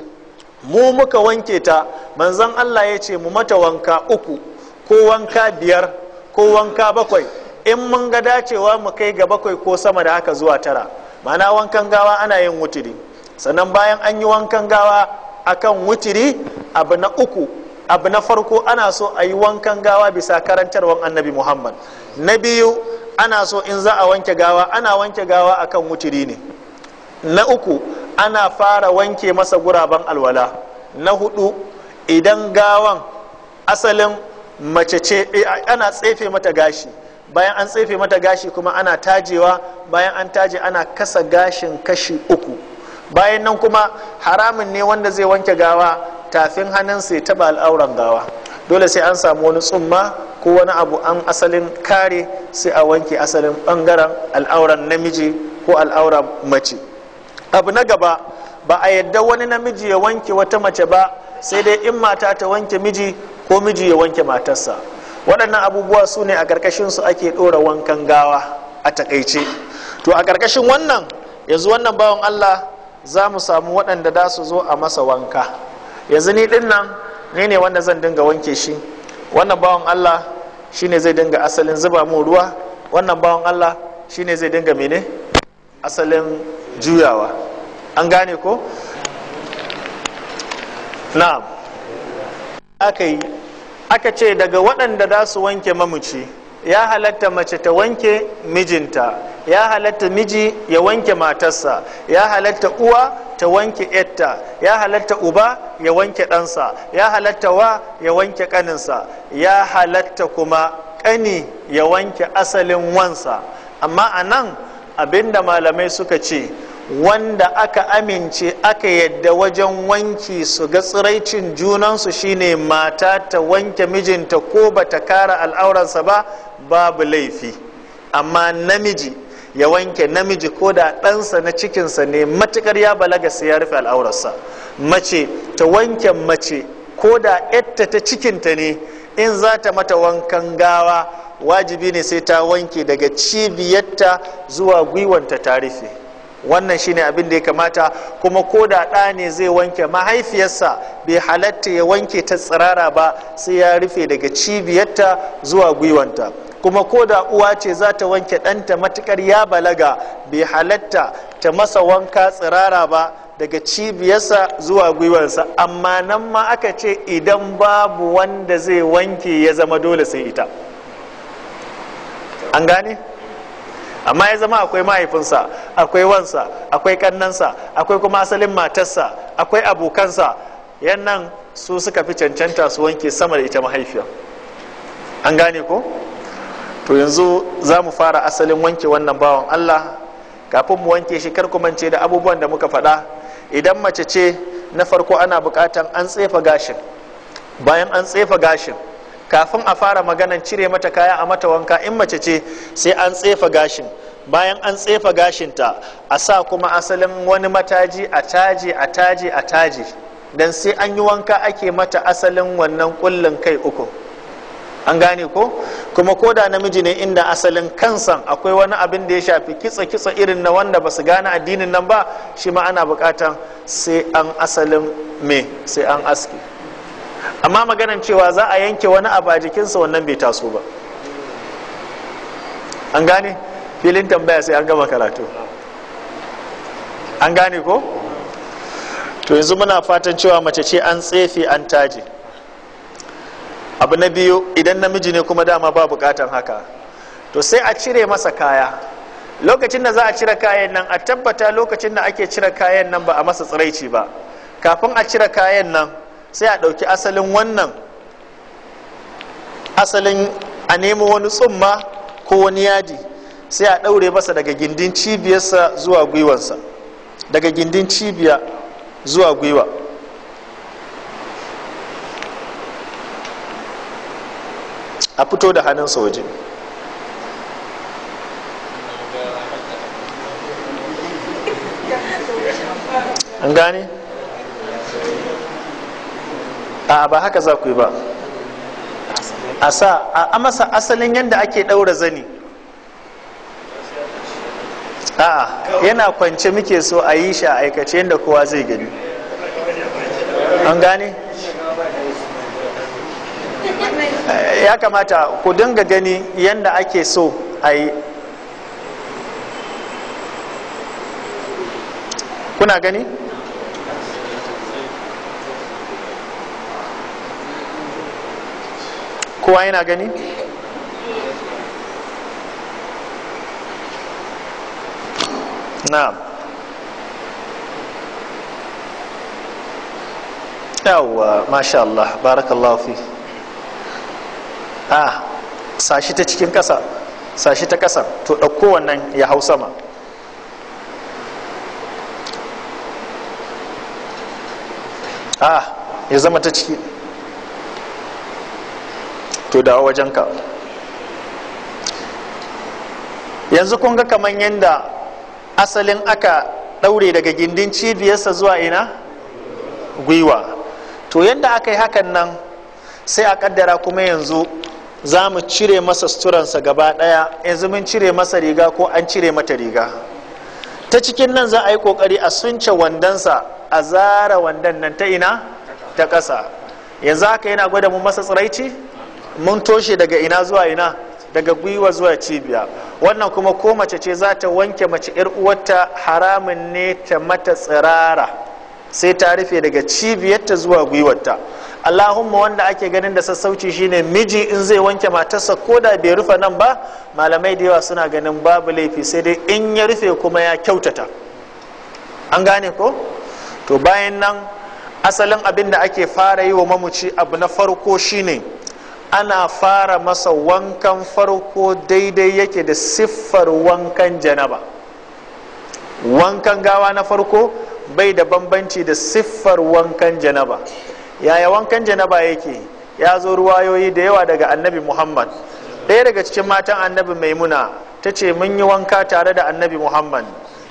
mu muka wanke ta manzon allah ya ce mu mata wanka uku ko wanka biyar ko wanka bakwai in mun ga dacewa mu kai ga bakwai ko sama da haka zuwa tara mana wankan gawa ana yin wuturi sannan bayan an yi wankan gawa akan wutiri abu na uku abu na farko ana so a yi wankan gawa bisa karantarwan annabi muhammad na biyu ana so in za a wanke gawa ana wanke gawa akan wuturi ne na uku ana fara wanke masa guraben alwala na hudu idan gawan asalin mace ce eh, ana tsefe mata gashi bayan an tsefe mata gashi kuma ana tajewa bayan an taje ana kasa gashin kashi uku bayan nan kuma haramun ne wanda zai wanke gawa tafin hannun ya taba al'auran gawa dole sai an samu wani tsumma ko wani abu an asalin kare sai a wanke asalin bangaren al'auran namiji ko al'auran mace abu na gaba ba a yadda wani namiji ya wanke wata mace ba sai dai in mata ta wanke miji ko miji ya wanke matarsa waɗannan abubuwa su ne a ƙarƙashin su ake ɗora wankan gawa a takaice to a ƙarƙashin wannan yanzu wannan bawan allah za mu samu waɗanda da su zo a masa wanka yanzu ni ɗin nan ne ne wanda zan dinga wanke shi wannan bawan allah shine zai dinga asalin zuba mu ruwa wannan bawan allah shine zai dinga mene asalin juyawa an gane ko na'am aka yi aka ce daga waɗanda za su wanke mamuci ya halatta mace ta wanke mijinta ya halatta miji ya wanke matarsa ya halatta uwa ta wanke yatta ya halatta uba ya wanke ɗansa ya halatta wa ya wanke ƙaninsa ya halatta kuma ƙani ya wanke asalin wansa amma a nan abinda malamai suka ce wanda aka amince aka yadda wajen wanki su ga tsiraicin junansu shine mata ta wanke mijinta ko ba ta kara al'auransa ba babu laifi amma namiji ya wanke namiji ko da ɗansa na cikinsa ne matukar ya balaga sai ya rufe al'aurarsa mace ta wanke mace ko da yatta ta cikinta ne in za ta mata wankan gawa wajibi ne sai ta wanke daga cibiyarta zuwa gwiwanta ta rufe wannan shine abin da ya kamata kuma ko da ɗa ne zai wanke mahaifiyarsa bai halatta ya wanke ta tsirara ba sai ya rufe daga cibiyarta zuwa gwiwanta kuma ko da uwa ce za ta wanke ɗanta matukar ya balaga bai halatta ta masa wanka tsirara ba daga cibiyarsa zuwa gwiwarsa amma nan ma aka ce idan babu wanda zai wanke ya zama dole sai ita an gane? amma ya zama akwai mahaifinsa akwai wansa akwai kannansa akwai kuma asalin matarsa akwai abokansa yannan su suka fi cancanta su wanke sama da ita mahaifiya an gane ko to yanzu za mu fara asalin wanke wannan bawan allah kafin mu wanke shi kar da abubuwan da muka faɗa idan mace ce na farko ana buƙatan an tsefa gashin bayan an tsefa gashin kafin a fara maganan cire mata kaya a mata wanka in mace ce sai an tsefa gashin bayan an tsefa gashinta a sa kuma asalin wani mataji a taji a taji a taji don sai an yi wanka ake mata asalin wannan kullun kai uku an gane ko kuma koda namiji ne inda asalin kansan akwai wani abin da ya shafi kitsa kitsa irin na wanda ba su gane addinin nan ba shi ma ana bukatan sai an asalin me sai an aski amma maganan cewa za a yanke wani abu a jikinsa wannan bai taso ba an gane filin tambaya sai an gama karatu an gane ko to yanzu muna fatan cewa mace ce an tsefe an taje abu na biyu idan namiji ne kuma dama ba bukatan haka to sai a cire masa kaya lokacin da za a cire kayan nan a tabbata lokacin da ake cire kayan nan ba a masa tsiraici ba kafin a cire kayan nan sai a ɗauki asalin wannan asalin a nemo wani tsumma ko wani yadi sai a ɗaure masa daga gindin cibiyarsa zuwa gwiwansa daga gindin cibiya zuwa gwiwa a fito da hannunsa waje an gane? A'a ba haka za ku yi ba a sa a masa asalin yadda ake ɗaura zani a'a yana kwance muke so a yi shi a aikace yadda kowa zai gani an gane ya kamata ku dinga gani yadda ake so a yi kuna gani kowa yana gani na'am yawwa masha Allah barakallahu fi ah sashi ta cikin kasa sashi ta kasa to ɗauko wannan ya hau sama ah ya zama ta ciki to dawo wajenka yanzu kun ga kamar yadda asalin aka ɗaure daga gindin cibiyarsa zuwa ina gwiwa to yadda aka yi hakan nan sai a kaddara kuma yanzu za mu cire masa suturansa gaba ɗaya yanzu mun cire masa riga ko an cire mata riga ta cikin nan za a yi kokari a sunce wandansa a zara wandan nan ta ina ta ƙasa yanzu haka yana gwada mu masa tsiraici mun toshe daga ina zuwa ina daga gwiwa zuwa cibiya wannan kuma ko mace ce za ta wanke mace yar uwarta haramun ne ta mata tsirara sai ta rufe daga cibiyarta zuwa gwiwarta allahumma wanda ake ganin da sassauci shine miji in zai wanke matarsa ko da bai rufe nan ba malamai da yawa suna ganin babu laifi sai dai in ya rufe kuma ya kyautata an gane ko to bayan nan asalin abin da ake fara yi wa mamuci abu na farko shine ana fara masa wankan farko daidai yake da siffar wankan janaba wankan gawa na farko bai da bambanci da siffar wankan janaba yaya wankan janaba yake ya zo ruwayoyi da yawa daga annabi muhammad ɗaya daga cikin matan annabi maimuna ta ce mun yi wanka tare da annabi muhammad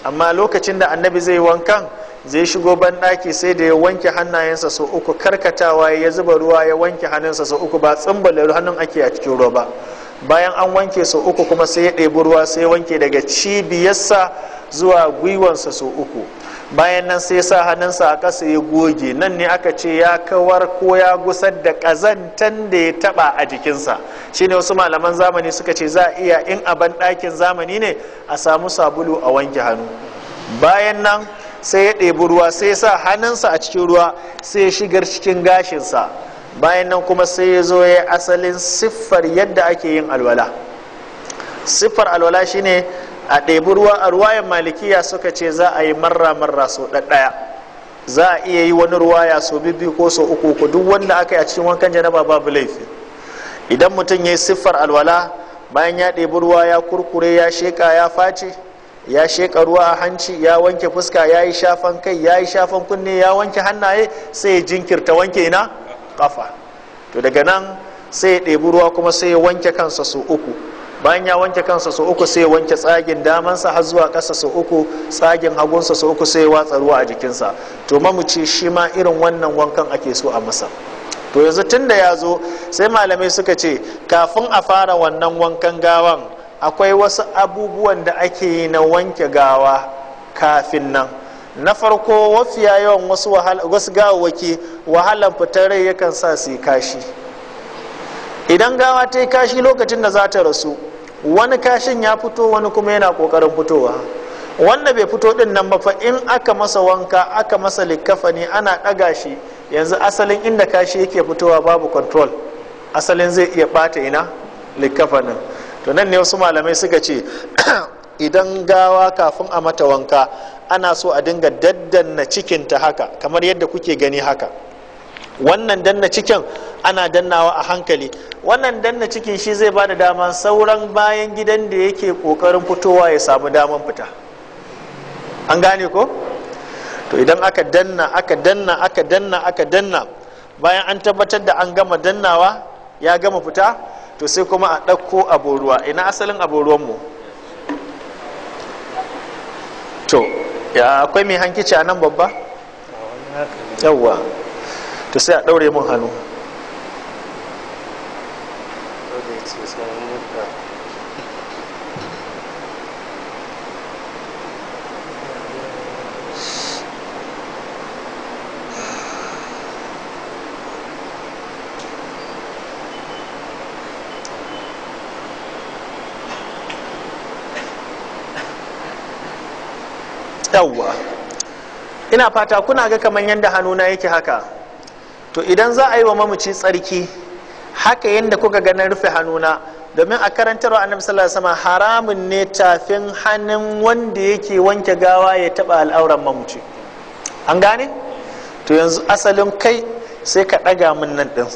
amma lokacin da annabi zai wankan zai shigo banɗaki sai da ya wanke hannayensa sau uku karkatawa ya zuba ruwa ya wanke hannunsa sau uku ba tsimbala hannun ake a cikin ruwa ba bayan an wanke sau uku kuma sai ya ɗebi ruwa sai ya wanke daga cibiyarsa zuwa gwiwansa sau uku bayan nan sai sa hannunsa a ƙasa ya goge nan ne aka ce ya kawar ko ya gusar da ƙazantan da ya taɓa a jikinsa shine wasu malaman zamani suka ce za a iya in a banɗakin zamani ne a samu sabulu a wanke hannu bayan nan sai ya ɗebi ruwa sai ya sa hannunsa a cikin ruwa sai ya shigar cikin gashinsa bayan nan kuma sai ya zo ya yi asalin siffar yadda ake yin alwala siffar alwala shine a ɗebi ruwa a ruwayan malikiya suka ce za a yi marra marra sau ɗaɗɗaya za a iya yi wani ruwaya sau bibbi ko sau uku ko duk wanda aka yi a cikin wankan janaba babu laifi idan mutum ya yi siffar alwala bayan ya ɗebi ruwa ya kurkure ya sheka ya face ya sheƙa ruwa a hanci ya wanke fuska ya yi shafan kai ya yi shafan kunne ya wanke hannaye sai ya jinkirta wanke na kafa to daga nan sai ya ɗebi ruwa kuma sai ya wanke kansa su uku bayan ya wanke kansa su uku sai ya wanke tsagin damansa har zuwa ƙasa su uku tsagin hagunsa su uku sai ya watsa ruwa a jikinsa to mamuci shi ma irin wannan wankan ake so a masa to yanzu tun da ya zo sai malamai suka ce kafin a fara wannan wankan gawan akwai wasu abubuwan da ake yi na wanke gawa kafin nan na farko wafiya yawan wasu wasu gawawaki wahalan fitar rai yakan sa su kashi idan gawa ta yi kashi lokacin da za ta rasu wani kashin ya fito wani kuma yana kokarin fitowa wanda bai fito din nan ba fa in aka masa wanka aka masa likkafani ana ɗaga shi yanzu asalin inda kashi yake fitowa babu control asalin zai iya ɓata ina likkafanin to nan ne wasu malamai suka ce idan gawa kafin a mata wanka ana so a dinga daddanna cikinta haka kamar yadda kuke gani haka wannan danna cikin ana dannawa a hankali wannan danna cikin shi zai bada da dama sauran bayan gidan da yake kokarin fitowa ya samu daman fita an gane ko to idan aka danna aka danna aka danna aka danna bayan an tabbatar da an gama dannawa ya gama fita to sai kuma a ɗauko abin ruwa ina asalin abin ruwanmu to ya akwai mai hankici a nan babba yawwa to sai a ɗaure mun hannu yawwa ina fata kuna ga kamar yadda hannuna yake haka to idan za a yi wa mamaci tsarki haka yadda kuka ganin rufe hannuna domin a karantarwa annabi sallallahu alaihi haramun ne tafin hannun wanda yake wanke gawa ya taba al'auran mamaci an gane to yanzu asalin kai sai ka daga min nan ɗin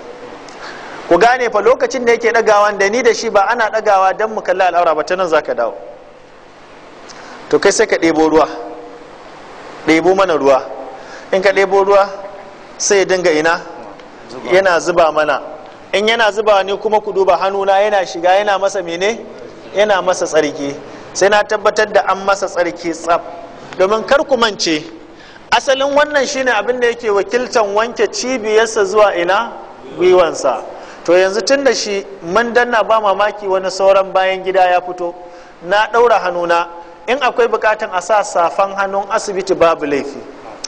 ku gane fa lokacin da yake dagawa da ni da shi ba ana dagawa don mu kalli al'aura ba ta nan za dawo to kai sai ka ɗebo ruwa ɗebo mana ruwa in ka ɗebo ruwa sai ya dinga ina yana zuba mana in yana zuba ne kuma ku duba hannuna yana shiga yana masa mene yana masa tsarki sai na tabbatar da an masa tsarki tsaf domin kar ku mance asalin wannan shine abin da yake wakiltan wanke cibiyarsa zuwa ina gwiwansa to yanzu tun da shi mun danna ba mamaki wani sauran bayan gida ya fito na ɗaura hannuna in akwai bukatan a sa safan hannun asibiti babu laifi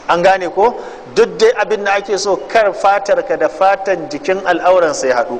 an gane ko duk dai abin da ake so kar fatar ka da fatan jikin al'auran sai haɗu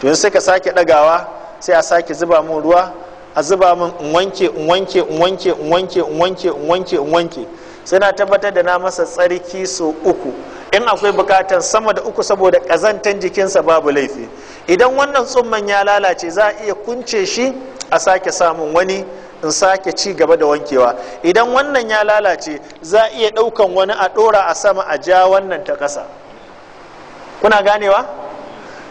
to in sai ka sake ɗagawa sai a sake zuba mun ruwa a zuba mun in wanke in wanke in wanke in wanke in wanke in wanke wanke sai na tabbatar da na masa tsarki so uku in akwai bukatan sama da uku saboda ƙazantan jikinsa babu laifi idan wannan tsumman ya lalace za a iya kunce shi a sake samun wani in sake ci gaba da wankewa idan wannan ya lalace za a iya ɗaukan wani a ɗora a sama a ja wannan ta ƙasa kuna ganewa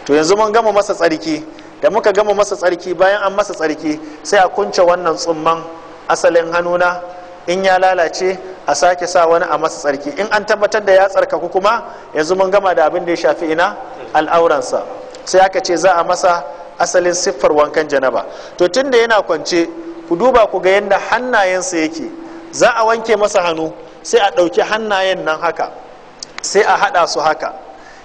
to yanzu mun gama masa tsarki da muka gama masa tsarki bayan an masa tsarki sai a kunce wannan tsumman asalin hannuna in ya lalace a sake sa wani a masa tsarki in an tabbatar da ya tsarkaku kuma yanzu mun gama da abin da ya shafi ina al'auransa sai aka ce za a masa asalin siffar wankan janaba to tunda yana kwance ku duba ku ga yadda hannayensa yake za a wanke masa hannu sai a ɗauki hannayen nan haka sai a haɗa su haka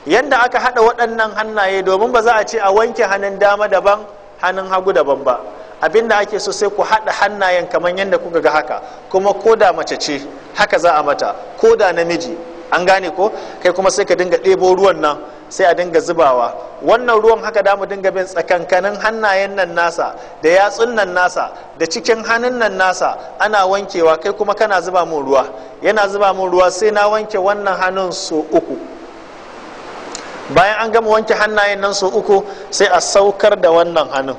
yadda aka haɗa waɗannan hannaye domin ba za a ce a wanke hannun dama daban hannun hagu daban ba abinda ake so sai ku haɗa hannayen kamar yadda kuka ga haka kuma ko da mace ce haka za a mata ko da namiji an gane ko kai kuma sai ka dinga ɗebo ruwan nan sai a dinga zubawa wannan ruwan haka da mu dinga bin tsakankanin hannayen nan nasa da yatsun nan nasa da cikin hannun nan nasa ana wankewa kai kuma kana zuba mun ruwa yana zuba mun ruwa sai na wanke wannan hannun so uku bayan an gama wanke hannayen nan so uku sai a saukar da wannan hannun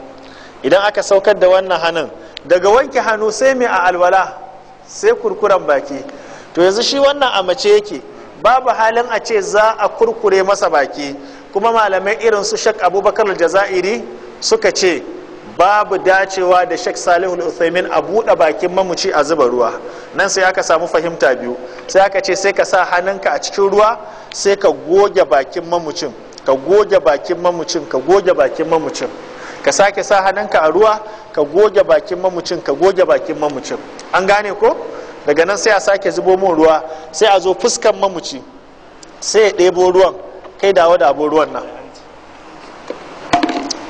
idan aka saukar da wannan hannun daga wanke hannu sai mai a alwala sai kurkuren baki to yanzu shi wannan a mace yake babu halin a ce za a kurkure masa baki kuma malamai irin su shek abubakar jazairi suka ce babu dacewa da shek salihu uthaymin a buɗe bakin mamuci a zuba ruwa nan sai aka samu fahimta biyu sai aka ce sai ka sa hannunka a cikin ruwa sai ka goge bakin mamucin ka goge bakin mamucin ka goge bakin mamucin ka sake sa hannunka a ruwa ka goge bakin mamucin ka goge bakin mamucin an gane ko daga nan sai a sake zubo mun ruwa sai a zo fuskan mamuci sai ya ɗebo ruwan kai dawo da abin ruwan nan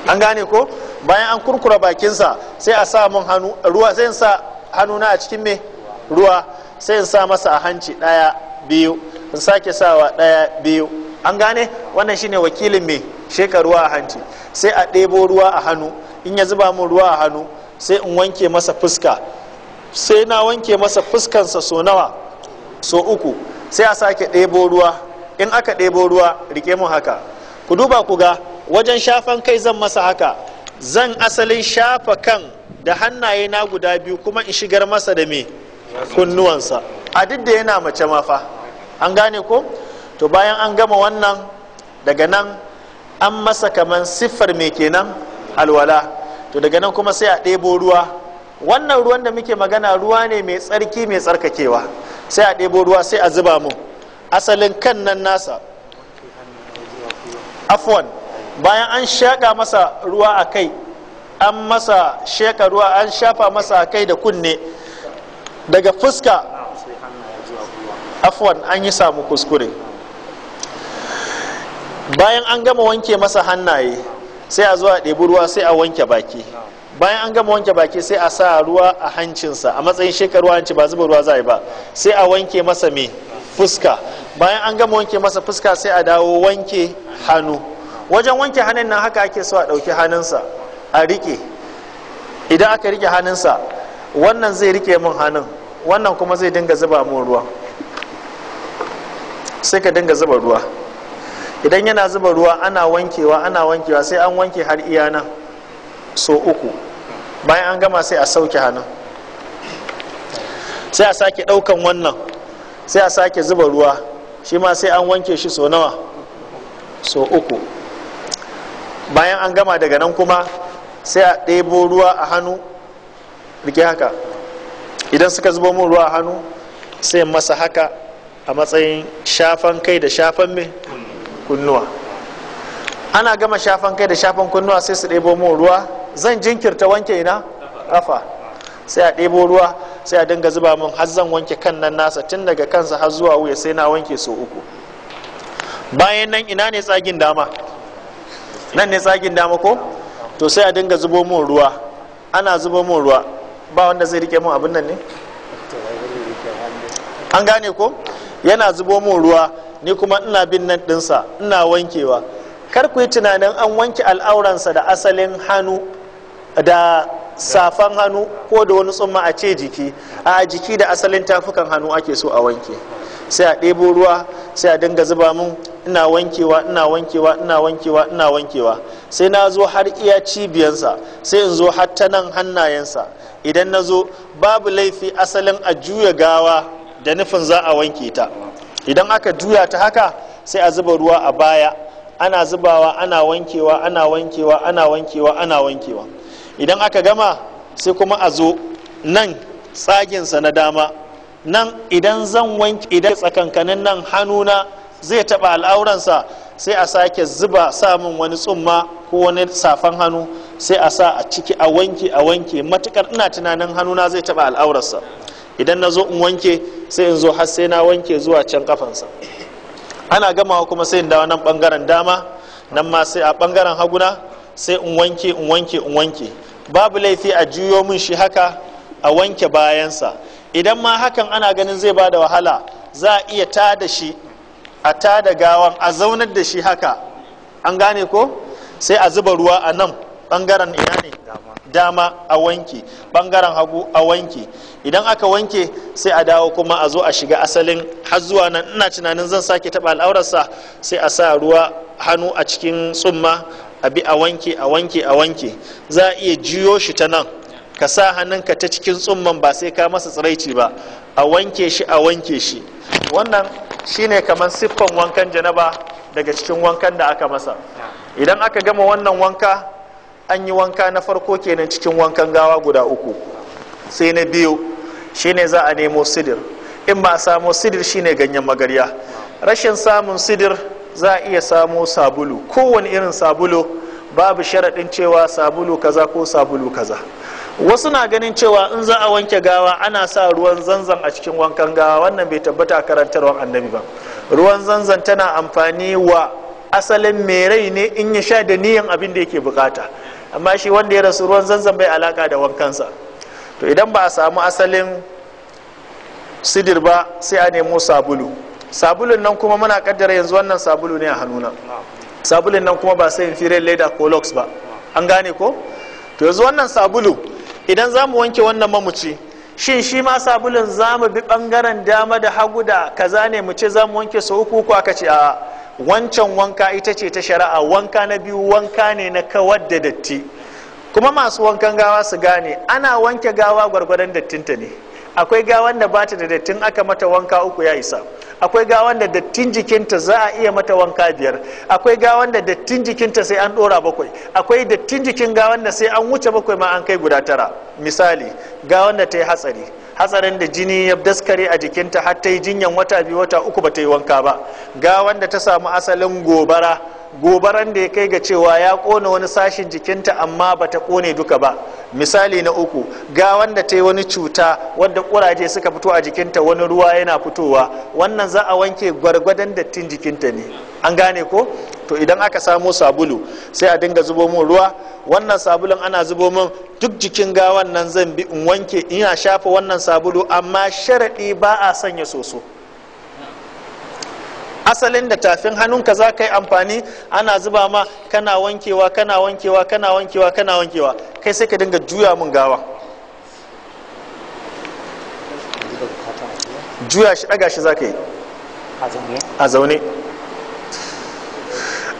an gane ko bayan an kurkura bakinsa sai a sa mun hannu ruwa sai sa hannu na a cikin me ruwa sai sa masa a hanci ɗaya biyu in sake sawa ɗaya biyu an gane wannan shine wakilin me sheka ruwa a hanci sai a ɗebo ruwa a hannu in ya zuba mun ruwa a hannu sai in wanke masa fuska sai na wanke masa fuskansa so nawa so uku sai a sake ɗebo ruwa in aka ɗebo ruwa rike mun haka ku duba ku ga wajen shafan kai zan masa haka zan asalin shafa kan da hannaye na guda biyu kuma in shigar masa da me kunnuwansa a duk da yana mace mafa an gane ko to bayan an gama wannan daga nan an masa kaman siffar mai kenan alwala to daga nan kuma sai a ɗebo ruwa wannan ruwan da muke magana ruwa ne mai tsarki mai tsarkakewa sai a ɗebo ruwa sai a zuba mu asalin kan nan nasa afwan bayan an shaƙa masa ruwa a kai an masa sheka ruwa an shafa masa a kai da kunne daga fuska afwan an yi samu kuskure bayan an gama wanke masa hannaye sai a zuwa ɗebi ruwa sai a wanke baki bayan an gama wanke baki sai a sa ruwa a hancinsa a matsayin shekaru hanci ba zuba ruwa za a yi ba sai a wanke masa me fuska bayan an gama wanke masa fuska sai a dawo wanke hannu wajen wanke hannun nan haka ake so a ɗauki hannunsa a rike idan aka rike hannunsa wannan zai rike min hannun wannan kuma zai dinga zuba min ruwa sai ka dinga zuba ruwa idan yana zuba ruwa ana wankewa ana wankewa sai an wanke har iya nan so uku bayan an gama sai a sauke hannun sai a sake ɗaukan wannan sai a sake zuba ruwa shi ma sai an wanke shi so nawa so uku bayan an gama daga nan kuma sai a ɗebo ruwa a hannu rike haka idan suka zuba mun ruwa a hannu sai masa haka a matsayin shafan kai da shafan mai kunnuwa ana gama shafan kai da shafan kunnuwa sai su ɗebo mun ruwa zan jinkirta wanke ina kafa sai a ɗebo ruwa sai a dinga zuba min har zan wanke kan nan nasa tun daga kansa har zuwa wuya sai na wanke so uku bayan nan ina ne tsagin dama nan ne tsagin dama ko to sai a dinga zubo min ruwa ana zubo min ruwa ba wanda zai rike min abin nan ne an gane ko yana zubo min ruwa ni kuma ina bin nan dinsa ina wankewa kar ku yi tunanin an wanke al'auransa da asalin hannu da safan hannu ko da wani tsumma a ce jiki a jiki da asalin tafukan hannu ake so a wanke sai a ɗebo ruwa sai a dinga zuba mun ina wankewa ina wankewa ina wankewa ina wankewa sai na zo har iya cibiyansa sai in zo har ta nan hannayensa idan na zo babu laifi asalin a juya gawa da nufin za a wanke ta idan aka juya ta haka sai a zuba ruwa a baya ana zubawa ana wankewa ana wankewa ana wankewa ana wankewa idan aka gama sai kuma a zo nan tsaginsa na dama nan idan zan wanke idan tsakankanin nan hannuna zai taɓa al'auransa sai a sake zuba samun wani tsumma ko wani safan hannu sai a sa a ciki a wanke a wanke matukar ina tunanin hannuna zai taɓa al'aurarsa idan na zo in wanke sai in zo har sai na wanke zuwa can kafansa ana gamawa kuma sai in dawo nan ɓangaren dama nan ma sai a ɓangaren haguna sai in wanke in wanke in wanke babu laifi a juyo min shi haka a wanke bayansa idan ma hakan ana ganin zai bada wahala za a iya tada shi a tada gawan a zaunar da shi haka an gane ko sai a zuba ruwa a nan bangaren ina ne dama a wanke bangaren hagu a wanke idan aka wanke sai a dawo kuma a zo a shiga asalin har zuwa nan ina tunanin zan sake taba al'aurarsa sai a sa ruwa hannu a cikin tsumma a bi a wanke a wanke a wanke za a iya juyo shi ta nan ka sa ka ta cikin tsumman ba sai ka masa tsiraici ba a wanke shi a wanke shi wannan shine kamar siffan wankan janaba daga cikin wankan da aka masa idan aka gama wannan wanka an yi wanka na farko kenan cikin wankan gawa guda uku sai na biyu shine za a nemo sidir in ba a samo sidir shine ganyen magarya rashin samun sidir za a iya samo sabulu kowane irin sabulu babu sharaɗin cewa sabulu kaza ko sabulu kaza wasu na ganin cewa in za a wanke gawa ana sa ruwan zanzan a cikin wankan gawa wannan bai tabbata a karantarwar annabi ba ruwan zanzan tana amfani wa asalin mai rai ne in ya sha da niyan abin da yake bukata amma shi wanda ya rasu ruwan zanzan bai alaka da wankansa to idan ba a samu asalin sidir ba sai a nemo sabulu sabulun nan kuma muna kaddara yanzu wannan sabulu ne a hannuna sabulun nan kuma ba sai inferior leda ko lux ba an gane ko to yanzu wannan sabulu idan za mu wanke wannan mamuci shin shi ma sabulun za mu bi bangaren dama da hagu da kaza ne mu ce za mu wanke sau uku ko aka ce a wancan wanka ita ce ta shari'a wanka na biyu wanka ne na kawar da datti kuma masu wankan gawa su gane ana wanke gawa gwargwadon dattinta ne akwai gawan da bata da dattin aka mata wanka uku ya isa akwai gawan da dattin jikinta za a iya mata wanka biyar akwai gawan da dattin jikinta sai an dora bakwai akwai dattin jikin gawan da sai an wuce bakwai ma an kai guda tara misali gawan da ta yi hatsari hatsarin da jini ya daskare a jikinta har ta yi jinyan wata biyu wata uku ba ta yi wanka ba gawan da ta samu asalin gobara gobaran da ya kai ga cewa ya kone wani sashin jikinta amma ba ta kone duka ba misali na uku ga wanda ta yi wani cuta wadda kuraje suka fito a jikinta wani ruwa yana fitowa wannan za a wanke gwargwadon dattin jikinta ne an gane ko to idan aka samo sabulu sai a dinga zubo min ruwa wannan sabulun ana zubo min duk jikin gawan nan zan bi in wanke ina shafa wannan sabulu amma sharaɗi ba a sanya soso asalin da tafin hannunka za ka yi amfani ana zuba ma kana wankewa kana wankewa kana wankewa kana wankewa kai sai ka dinga juya mun gawa juya shi daga shi za ka yi a zaune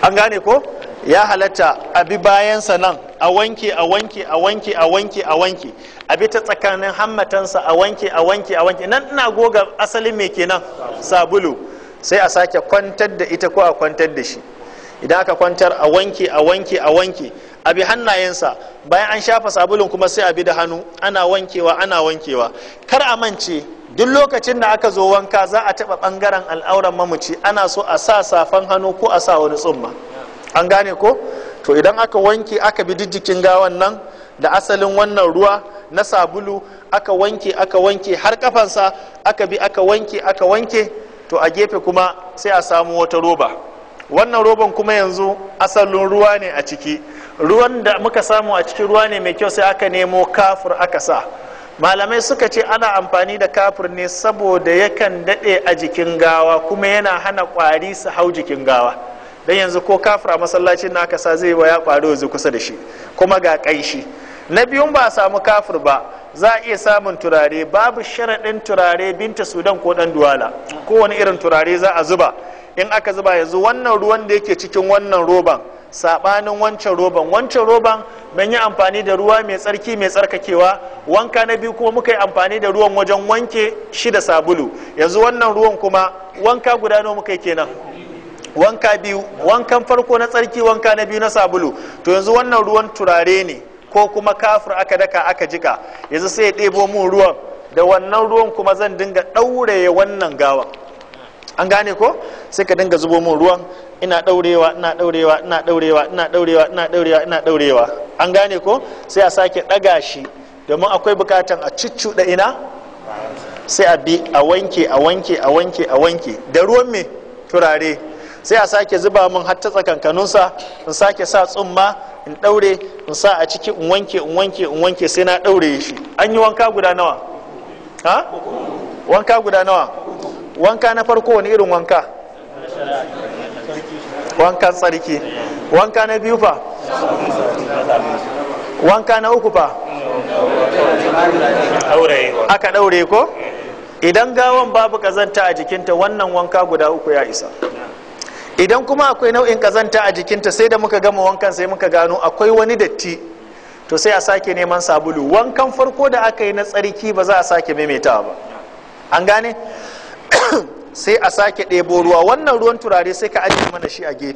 an gane ko ya halatta a bi bayansa nan a wanke a wanke a wanke a wanke a wanke a bi ta tsakanin hammatansa a wanke a wanke a wanke nan ina goga asalin me kenan sabulu sai a sake kwantar da ita ko a kwantar da shi idan aka kwantar a wanke a wanke a wanke a bi hannayensa bayan an shafa sabulun kuma sai a bi da hannu ana wankewa ana wankewa kar a mance duk lokacin da aka zo wanka za a taɓa ɓangaren al'auran mamaci ana so a sa safan hannu ko a sa wani tsumma an gane ko to idan aka wanke aka bi jijjikin gawan nan da asalin wannan ruwa na sabulu aka wanke aka wanke har kafansa aka bi aka wanke aka wanke to a gefe kuma sai a samu wata roba wannan roban kuma yanzu asalin ruwa ne a ciki ruwan da muka samu a cikin ruwa ne mai kyau sai aka nemo kafur aka sa malamai suka ce ana amfani da kafur ne saboda yakan daɗe a jikin gawa kuma yana hana ƙwari su hau jikin gawa don yanzu ko kafura a masallacin na aka sa zai waya ƙwari yanzu kusa da shi kuma ga ƙanshi na biyun ba a samu kafir ba za a iya samun turare babu sharaɗin turare binta sudan ko ɗan duwala kowane irin turare za a zuba in aka zuba yanzu wannan ruwan da yake cikin wannan roban saɓanin wancan roban wancan roban ban yi amfani da ruwa mai tsarki mai tsarkakewa wanka na biyu kuma muka yi amfani da ruwan wajen wanke shi da sabulu yanzu wannan ruwan kuma wanka guda nawa muka yi kenan wanka biyu wankan farko na tsarki wanka na biyu na sabulu to yanzu wannan ruwan turare ne ko kuma kafir aka daka aka jika yanzu sai ya ɗebo mun ruwan da wannan ruwan kuma zan dinga ɗauraye wannan gawan an gane ko sai ka dinga zubo mun ruwan ina ɗaurewa ina ɗaurewa ina ɗaurewa ina ɗaurewa ina ɗaurewa ina ɗaurewa an gane ko sai a sake ɗaga shi domin akwai bukatan a da ina sai a bi a wanke a wanke a wanke a wanke da ruwan me turare sai a sake zuba min har ta tsakankaninsa in sake sa tsumma in ɗaure in sa a ciki in wanke in wanke in wanke sai na ɗaure shi an yi wanka guda nawa ha wanka guda nawa wanka na farko wani irin wanka wankan tsarki wanka na biyu fa wanka na uku fa aka ɗaure ko idan gawon babu kazanta a jikinta wannan wanka guda uku ya isa idan kuma akwai nau'in kazanta a jikinta sai da muka gama wankan sai muka gano akwai wani datti to sai a sake neman sabulu wankan farko da aka yi na tsarki ba za a sake maimaitawa ba an gane sai a sake ɗebo ruwa wannan ruwan turare sai ka ajiye mana shi a gefe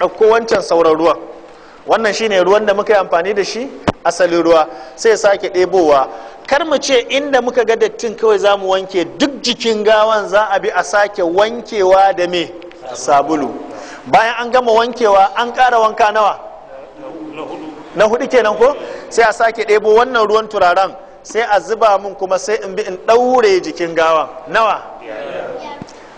ɗauko wancan sauran ruwan wannan shine ruwan da muka yi amfani da shi asalin ruwa sai sake ɗebowa kar mu ce inda muka ga dattin kawai za mu wanke duk jikin gawan za a bi a sake wankewa da me sabulu bayan an gama wankewa an ƙara wanka nawa na hudu kenan ko sai a sake ɗebo wannan ruwan turaren sai a zuba mun kuma sai in bi in ɗaure jikin gawan nawa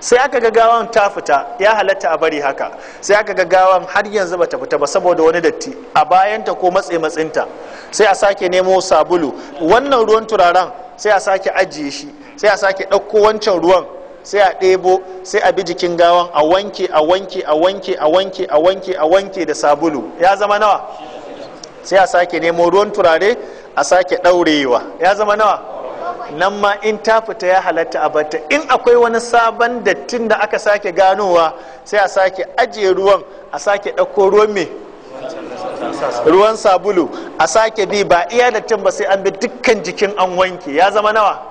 sai aka ga gawan ta fita ya halatta a bari haka sai aka ga gawan har yanzu bata fita ba saboda wani datti a bayanta ko matse matsinta sai a sake nemo sabulu wannan ruwan turaren sai a sake ajiye shi sai a sake ɗauko wancan ruwan sai a ɗebo sai a bi jikin gawan a wanke a wanke a wanke a wanke a wanke a wanke da sabulu ya zama nawa sai a sake nemo ruwan turare a sake ɗaurewa ya zama nawa nan ma in ta fita ya halatta a batta in akwai wani sabon dattin da aka sake ganowa sai a sake ajiye ruwan a sake ɗauko ruwan me ruwan sabulu a sake bi ba iya dattin ba sai an bi dukkan jikin an wanke ya zama nawa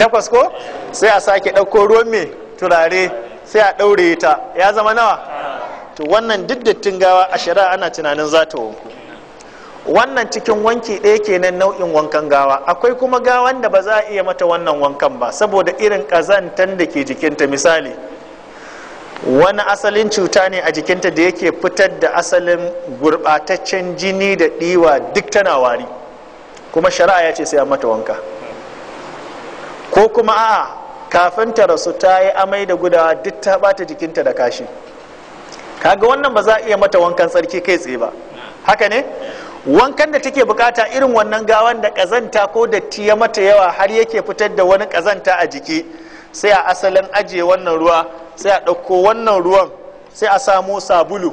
takwas ko sai a sake ɗauko ruwan mai turare sai a ɗaure ta ya zama nawa to wannan duk dattin gawa a shari'a ana tunanin za ta wanku wannan cikin wanki ɗaya kenan nau'in wankan gawa akwai kuma gawan da ba za a iya mata wannan wankan ba saboda irin ƙazantan da ke jikinta misali wani asalin cuta ne a jikinta da yake fitar da asalin gurɓataccen jini da ɗiwa duk tana wari kuma shari'a ya ce sai a mata wanka ko kuma a kafin ta rasu ta yi amai da gudawa duk ta bata jikinta da kashi kaga wannan ba za a iya mata wankan tsarki kai tsaye ba haka ne wankan da take bukata irin wannan gawan da kazanta ko datti ya mata yawa har yake fitar da wani kazanta a jiki sai a asalin ajiye wannan ruwa sai a ɗauko wannan ruwan sai a samo sabulu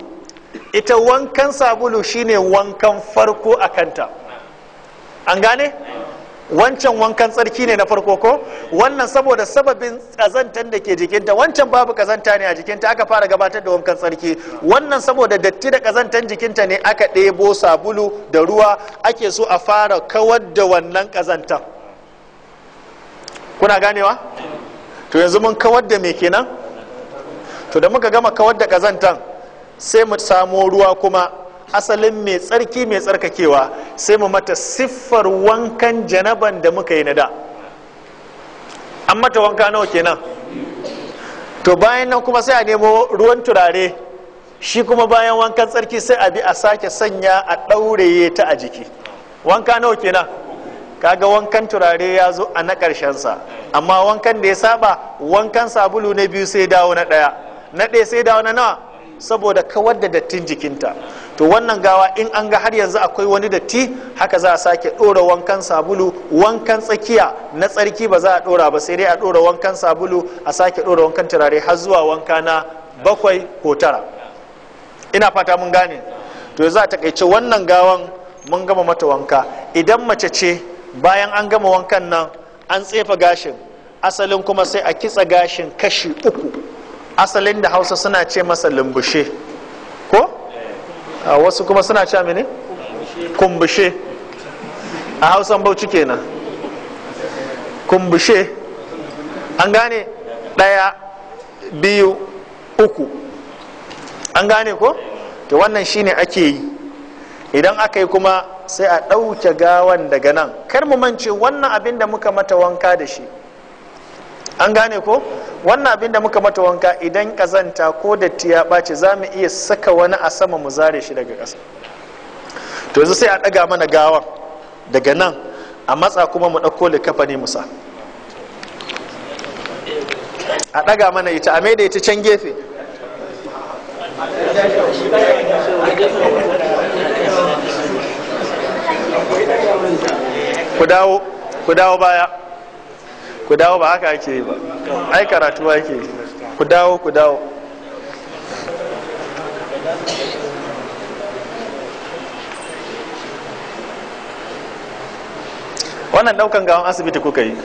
ita wankan sabulu shine wankan farko a kanta an gane wancan wankan tsarki ne na farko ko wannan saboda sababin kazantar da ke jikinta wancan babu kazanta ne a jikinta aka fara gabatar da wankan tsarki wannan saboda datti da kazantar jikinta ne aka ɗebo sabulu da ruwa ake so a fara kawar da wannan kazanta kuna ganewa to yanzu mun kawar da me kenan to da muka gama kawar da kazantan sai mu samo ruwa kuma asalin mai tsarki mai tsarkakewa sai mu mata siffar wankan janaban da muka yi na da an mata wanka nawa kenan to bayan nan kuma sai a nemo ruwan turare shi kuma bayan wankan tsarki sai a bi a sake sanya a ɗauraye ta a jiki wanka nawa kenan kaga wankan turare ya zo a na sa amma wankan da ya saba wankan sabulu na biyu sai dawo na ɗaya na ɗaya sai dawo na nawa saboda kawar da dattin jikinta to wannan gawa in an ga har yanzu akwai wani datti haka za a sake dora wankan sabulu wankan tsakiya na tsarki ba za a dora ba sai dai a ɗora wankan sabulu a sake dora wankan turare har zuwa wanka na bakwai ko tara ina fata mun gane to za a takaice wannan gawan mun gama mata wanka idan mace ce bayan an gama wankan nan an tsefa gashin asalin kuma sai a kitsa gashin kashi uku asalin da hausa suna ce masa lumbushe ko wasu kuma suna ce mene kumbushe a hausan bauchi kenan kumbushe an gane ɗaya biyu uku an gane ko to wannan shine ake yi idan aka yi kuma sai a ɗauke gawan daga nan kar mu mance wannan abin da muka mata wanka da shi an gane ko wannan abin da muka mata wanka idan kazanta ko datti ya ɓace za mu iya saka wani a sama mu zare shi daga ƙasa to yanzu sai a ɗaga mana gawan daga nan a matsa kuma mu ɗauko likafa ne musa a ɗaga mana ita a maida ita can gefe ku dawo baya ku dawo ba haka ake yi ba ai karatu ake yi ku dawo ku dawo wannan daukan gawan asibiti kuka yi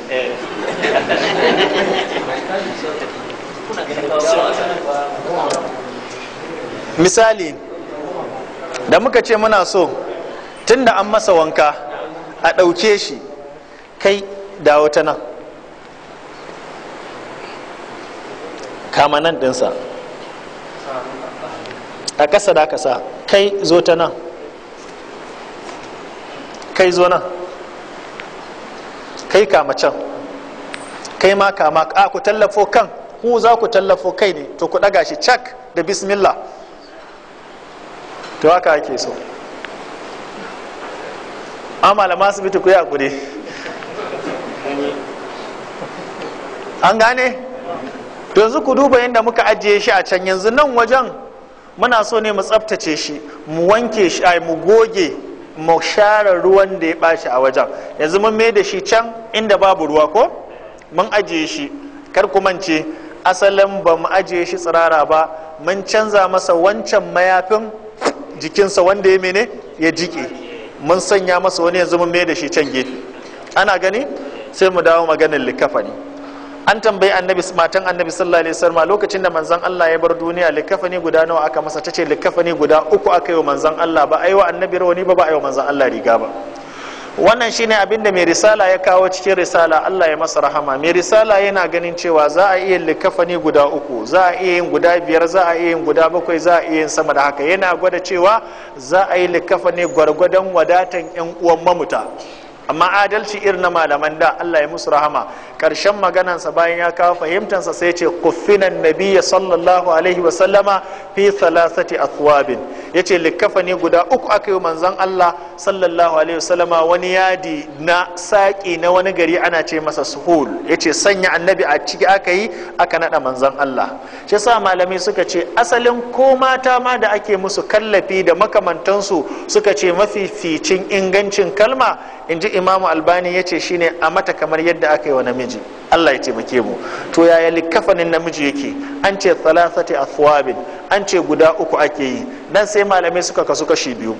misali da muka ce muna so tunda an masa wanka a ɗauke shi kai dawo ta nan kama nan ɗinsa a kasa da kasa kai zo ta nan kai zo nan kai kama can kai ma kama a ku tallafo kan ku za ku tallafo kai ne to ku ɗaga shi cak da bismillah to haka ake so an malama bitu ku yi hakuri an gane to yanzu ku duba yadda muka ajiye shi a can yanzu nan wajen muna so ne mu tsaftace shi mu wanke shi ai mu goge mu share ruwan da ya bashi a wajen yanzu mun mai da shi can inda babu ruwa ko mun ajiye shi kar ku mance asalin ba mu ajiye shi tsirara ba mun canza masa wancan mayafin jikinsa wanda ya mene ya jike mun sanya masa wani yanzu mun mai da shi can gefe ana gani sai mu dawo maganin likafani an tambayi annabi matan annabi sallallahu alaihi wasallam lokacin da manzon Allah ya bar duniya likafani guda nawa aka masa tace likafani guda uku aka yi wa manzon Allah ba aiwa annabi rawani ba ba aiwa manzon Allah riga ba wannan shine abin da mai risala ya kawo cikin risala Allah ya masa rahama mai risala yana ganin cewa za a iya likafani guda uku za a iya yin guda biyar za a iya yin guda bakwai za a iya yin sama da haka yana gwada cewa za a yi likafani gwargwadon wadatan yan uwan mamuta amma adalci irin na malaman da Allah ya musu rahama karshen maganansa bayan ya kawo fahimtansa sai ce kuffinan nabiyya sallallahu alaihi wasallama fi thalathati athwabin yace ne guda uku aka yi manzon Allah sallallahu alaihi wasallama wani yadi na saki na wani gari ana ce masa suhul yace sanya annabi a ciki aka yi aka nada manzon Allah shi yasa malamai suka ce asalin ko mata ma da ake musu kallafi da makamantansu suka ce mafificin ingancin kalma inji imamu albani ya ce shine a mata kamar yadda aka yi wa namiji allah ya taimake mu to yaya likafanin namiji yake an ce thalathati athwabin an ce guda uku ake yi dan sai malamai suka kasu kashi biyu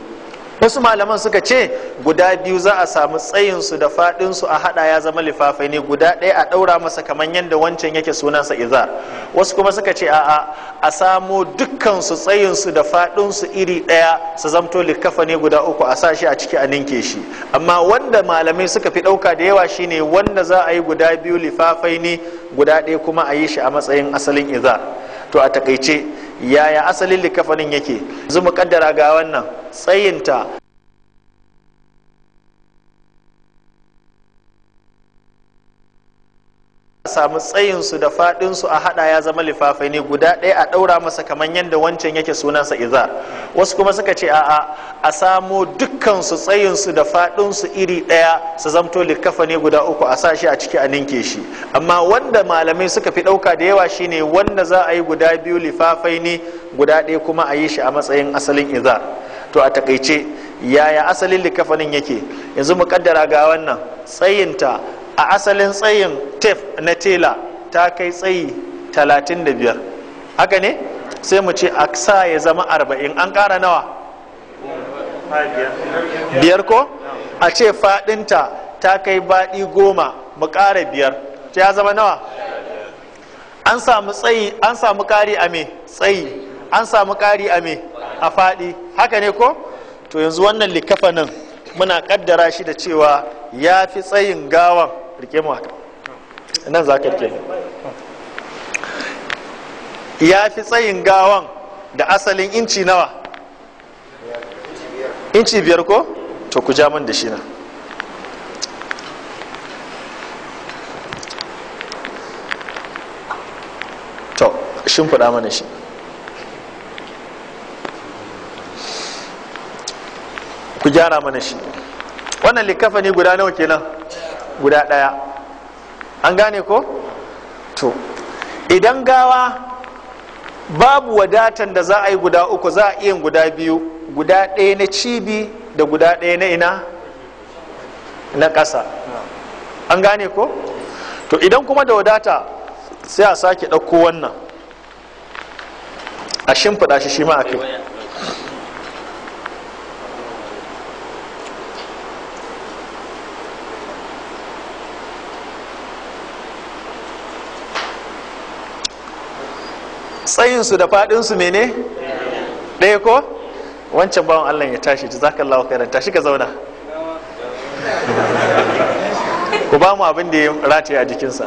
wasu malaman suka ce guda biyu za a samu tsayinsu da faɗinsu a haɗa ya zama lifafai ne guda ɗaya a ɗaura masa kamar yadda wancan yake sunansa iza wasu kuma suka ce a'a a samo dukkansu tsayinsu da faɗinsu iri ɗaya su zamto likafa ne guda uku a sa shi a ciki a ninke shi amma wanda malamai suka fi ɗauka da yawa shine wanda za a yi guda biyu lifafai ne guda ɗaya kuma a yi shi a matsayin asalin iza to a takaice yaya asalin likafanin yake zuma mu kaddara ga wannan tsayinta a samu tsayinsu da faɗinsu a haɗa ya zama lifafai ne guda ɗaya a ɗaura masa kamar yadda wancan yake sunansa iza wasu kuma suka ce a'a a samo dukkansu tsayinsu da faɗinsu iri ɗaya su zamto likafa ne guda uku a sa a ciki a ninke shi amma wanda malamai suka fi ɗauka da yawa shine wanda za a yi guda biyu lifafai ne guda ɗaya kuma a yi shi a matsayin asalin iza to a takaice yaya asalin likafanin yake yanzu mu kaddara ga wannan tsayinta a asalin tsayin tef na tela ta kai tsayi 35 haka ne sai mu ce a sa ya zama 40 an ƙara nawa biyar ko a ce faɗinta ta kai baɗi goma mu ƙara biyar ta ya zama nawa an samu tsayi an samu ƙari a me tsayi an samu ƙari a me a faɗi haka ne ko to yanzu wannan likafanin muna ƙaddara shi da cewa ya fi tsayin gawan rike mu haka nan za ka rike ya fi tsayin gawan da asalin inci nawa inci biyar ko to ku ja min da shi na to fada mana shi ku gyara mana shi wannan ne guda nawa kenan guda ɗaya an gane ko to idan gawa babu wadatan da za a yi guda uku za a iya guda biyu guda ɗaya na cibi da guda ɗaya na ina na ƙasa an gane ko to idan kuma da wadata sai a sake ɗauko wannan a shimfiɗa shi shi ma a kai tsayinsu da faɗinsu mene ɗaya ko wancan bawan allah ya tashi ji zaka lawa ranta tashi ka zauna ku ba mu abin da ya rataya a jikinsa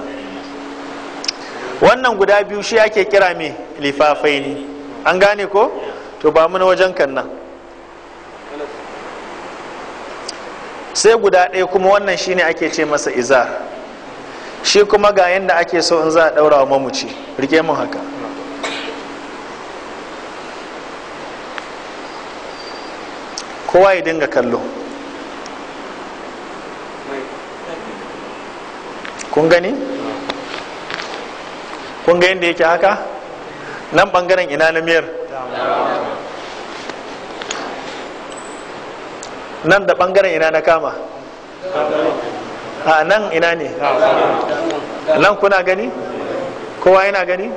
wannan guda biyu shi ake kira me lifafai ne an gane ko to ba mu na wajen kan nan sai guda ɗaya kuma wannan shine ake ce masa izar shi kuma ga yadda ake so in za a ɗaura wa mamuci rike mun haka kowa ya dinga kallo kun gani kun ga yadda yake haka nan bangaren ina na miyar nan da bangaren ina na kama a nan ina ne nan kuna gani kowa yana gani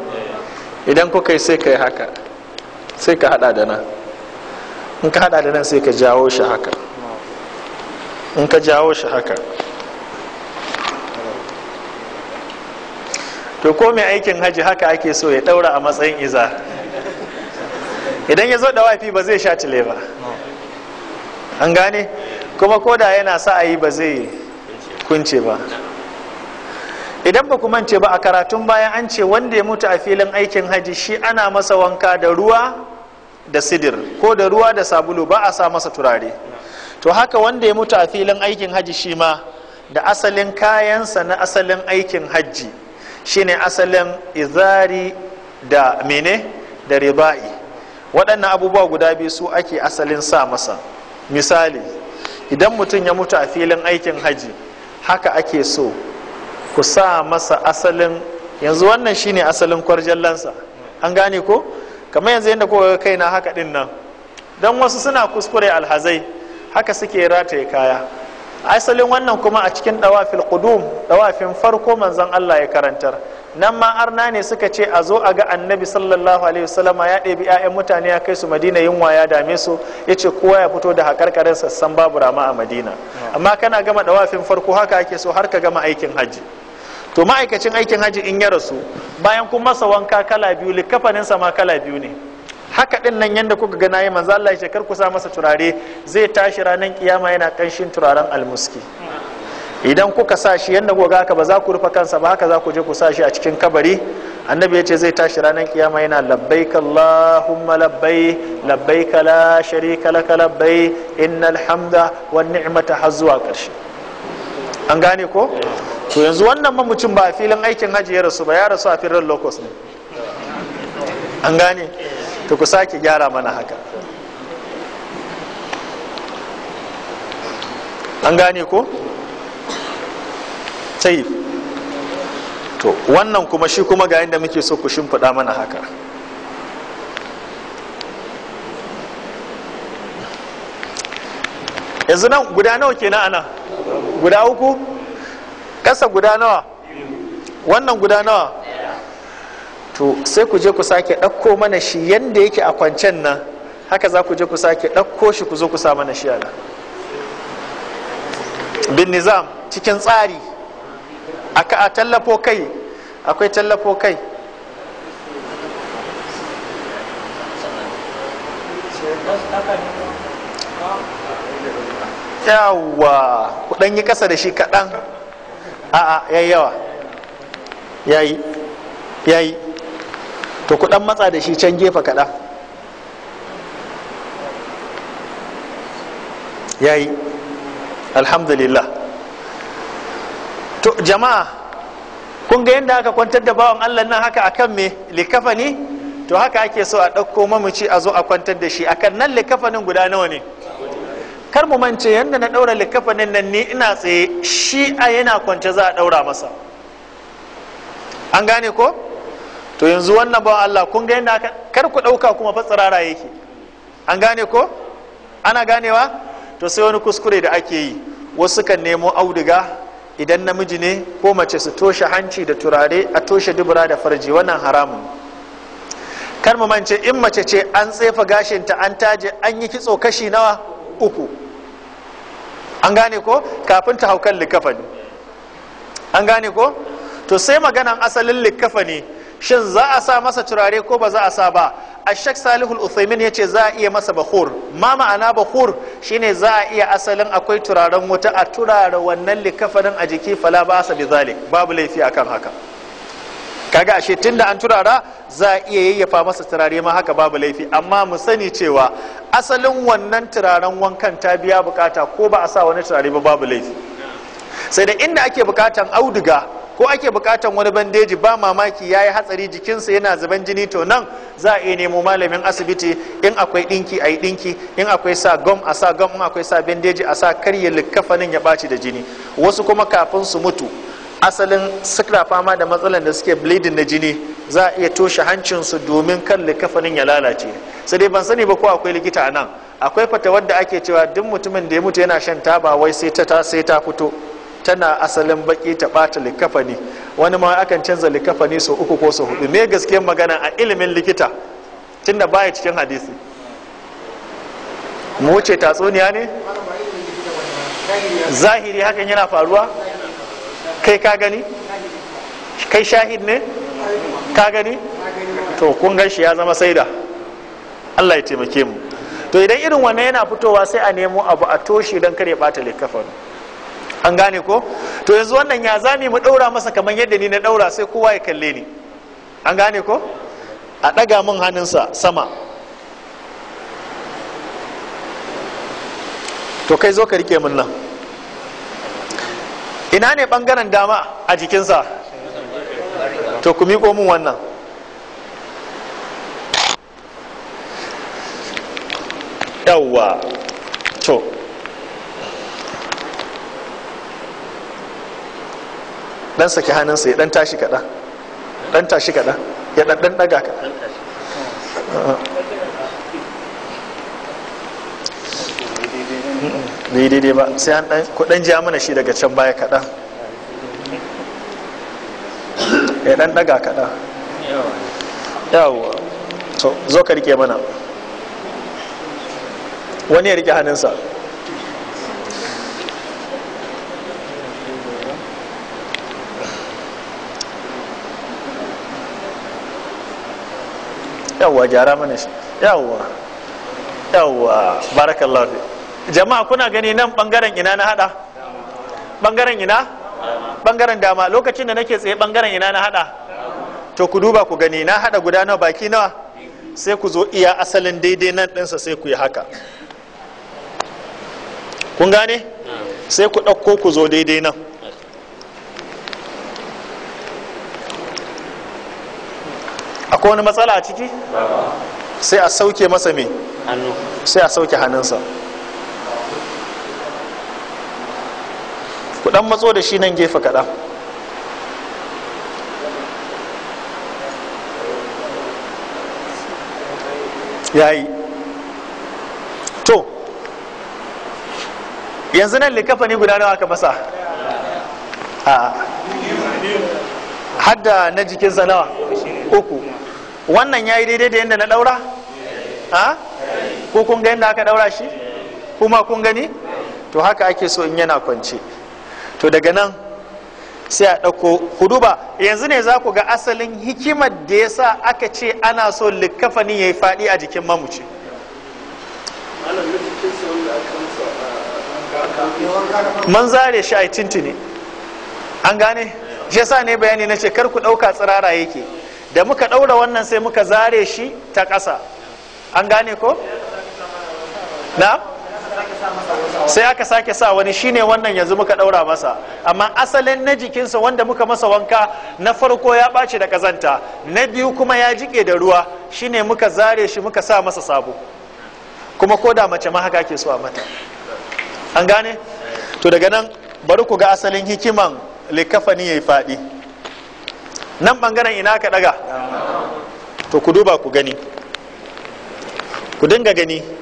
idan kuka yi sai ka yi haka sai ka hada da nan in ka hada da nan sai ka jawo shi haka in ka jawo shi haka to ko mai aikin haji haka ake so ya daura a matsayin iza idan ya zo da wafi ba zai sha tile ba an gane kuma koda yana sa a yi ba zai kunce ba idan ba ku mance ba a karatun bayan an ce wanda ya mutu a filin aikin haji shi ana masa wanka da ruwa da sidir ko da ruwa da sabulu ba a sa masa turare to haka wanda ya mutu a filin aikin hajji shi ma da asalin kayansa na asalin aikin hajji shine asalin izari da mene da riba'i waɗannan abubuwa guda biyu su ake asalin sa masa misali idan mutum ya mutu a filin aikin hajji haka ake so ku sa masa asalin yanzu wannan shine asalin kwarjallansa an gane ko kamar yanzu yadda kowa kai na haka din nan don wasu suna kuskure alhazai haka suke rataye kaya asalin wannan kuma a cikin dawafil qudum dawafin farko manzon Allah ya karantar nan ma arna ne suka ce a zo a ga annabi sallallahu alaihi wasallama ya ɗebi 'ya'yan mutane ya kai su madina yunwa ya dame su ya ce kowa ya fito da haƙarƙarin sassan babu rama a madina hmm. amma kana gama dawafin farko haka ake so har ka gama aikin hajji to ma'aikacin aikin hajji in ya rasu bayan kun masa wanka kala biyu likafaninsa ma kala biyu ne haka din nan yanda kuka ga nayi manzo Allah ya kar ku sa masa turare zai tashi ranar kiyama yana kanshin turaren almuski idan kuka sa shi yanda kuka ga haka ba za ku rufe kansa ba haka za ku je ku sa shi a cikin kabari annabi ya ce zai tashi ranar kiyama yana labbaik allahumma labbai labbaik la sharika laka labbai innal hamda wan ni'mata har zuwa ƙarshe an gane ko to yanzu wannan mamucin ba a filin aikin hajji ya rasu ba ya rasu a filin locus ne an gane to ku sake gyara mana haka an gane ko sai to wannan kuma shi kuma ga yadda muke so ku shimfiɗa mana haka yanzu nan guda nawa kenan nan? guda uku ƙasa guda nawa wannan guda nawa to sai ku je ku sake ɗauko mana shi yadda yake a kwancen nan haka za ku je ku sake ɗauko shi ku zo ku sa mana shi ala bin nizam cikin tsari a tallafo kai akwai tallafo kai Thank yawa ku yi kasa da shi kaɗan a'a yayi yawa yayi yayi to ku matsa da shi can gefe kaɗan yayi alhamdulillah to jama'a kun ga yadda aka kwantar da bawan allah nan haka akan me likafani to haka ake so a ɗauko mamaci a zo a kwantar da shi akan nan likafanin guda nawa ne kar mu mance yadda na daura likafanin nan ni ina tsaye shi a yana kwance za a ɗaura masa an gane ko to yanzu wannan ba Allah kun ga yadda kar ku dauka kuma tsirara yake an gane ko ana ganewa to sai wani kuskure da ake yi wasu kan nemo auduga idan namiji ne ko mace su toshe hanci da turare a toshe dubura da farji wannan haramun kar mu mance in mace ce an tsefa gashinta an taje an yi kitso kashi nawa uku an gane ko kafin ta haukan ne an gane ko to sai maganan asalin likafa ne shin za a sa masa turare ko ba za a sa ba a ashek salihul uthaymin ya ce za a iya masa bahur ma ma'ana bahur shine za a iya asalin akwai turaren wuta a turare wannan likafanin a jiki fala ba sa bi babu laifi akan haka kaga ashe tunda an turara za a iya yayyafa masa turare ma haka babu laifi amma mu sani cewa asalin wannan turaren wankan ta biya bukata ko ba a sa wani turare ba babu laifi sai da inda ake bukatan auduga ko ake bukatan wani bandeji ba mamaki ya yi hatsari jikinsa yana zuban jini to nan za a iya nemo malamin asibiti in akwai dinki a yi dinki in akwai sa gom a sa gom in akwai sa bandeji a sa karya likkafanin ya ɓaci da jini wasu kuma kafin su mutu asalin suka fama da matsalar da suke bleeding na jini za a iya toshe hancinsu domin kan likafanin ya lalace sai dai ban sani ba ko akwai likita a nan akwai fata da ake cewa duk mutumin da ya mutu yana shan taba wai sai ta sai ta fito tana asalin baki ta bata likafani wani ma akan canza likafani sau uku ko so hudu me gaskiyar magana a ilimin likita tunda baya cikin hadisi mu wuce tatsuniya ne zahiri hakan yana faruwa kai ka gani kai shahid ne ka gani to kun gan ya zama saida Allah ya taimake mu to idan irin wannan yana fitowa sai a nemo abu a toshe don kare bata likafan an gane ko to yanzu wannan ya zame mu daura masa kamar yadda ni na daura sai kowa ya kalle ni an gane ko a daga min hannunsa sama to kai zo ka rike min nan ina ne bangaren dama a jikinsa to ku miƙo min wannan yawwa to dan saki hannunsa ya dan tashi kaɗan dan tashi kaɗan ya dan daga kaɗan bai daidai ba sai an dan kudan ja mana shi daga can baya kaɗan ya ɗan ɗaga kaɗan yawa to zo ka rike mana wani ya rike hannunsa yawa gyara mana shi yawa yawa barakallahu jama'a kuna gani nan bangaren ina na hada bangaren ina bangaren dama lokacin da nake tsaye bangaren ina na hada to ku duba ku gani na hada guda nawa baki nawa sai ku zo iya asalin daidai nan ɗinsa sai ku yi haka kun gane sai ku ɗauko ku zo daidai nan akwai wani matsala a ciki sai a sauke masa me sai a sauke hannunsa ku dan matso da shi nan gefe kaɗan yayi to yanzu nan likafani guda nawa aka masa hadda na jikin nawa uku wannan yayi daidai da yadda na daura a ko kun ga yadda aka daura shi kuma kun gani to haka ake so in yana kwance to daga nan sai a ɗauko huduba yanzu ne za ku ga asalin hikimar da ya sa aka ce ana so likkafanin ya yi faɗi a jikin mamuci man zare shi a yi tintini an gane shi sa ne bayani na ce kar ku ɗauka tsirara yake da muka ɗaura wannan sai muka zare shi ta ƙasa an gane ko? na? sai aka sake sa wani shine wannan yanzu muka daura masa amma asalin na jikinsa wanda muka masa wanka na farko ya ɓace da kazanta na biyu kuma ya jike da ruwa shine muka zare shi muka sa masa sabo kuma ko da mace ma haka ke so a mata an gane to daga nan bari ku ga asalin hikiman likafani ya yi faɗi nan bangaren ina ka daga to ku duba ku gani ku dinga gani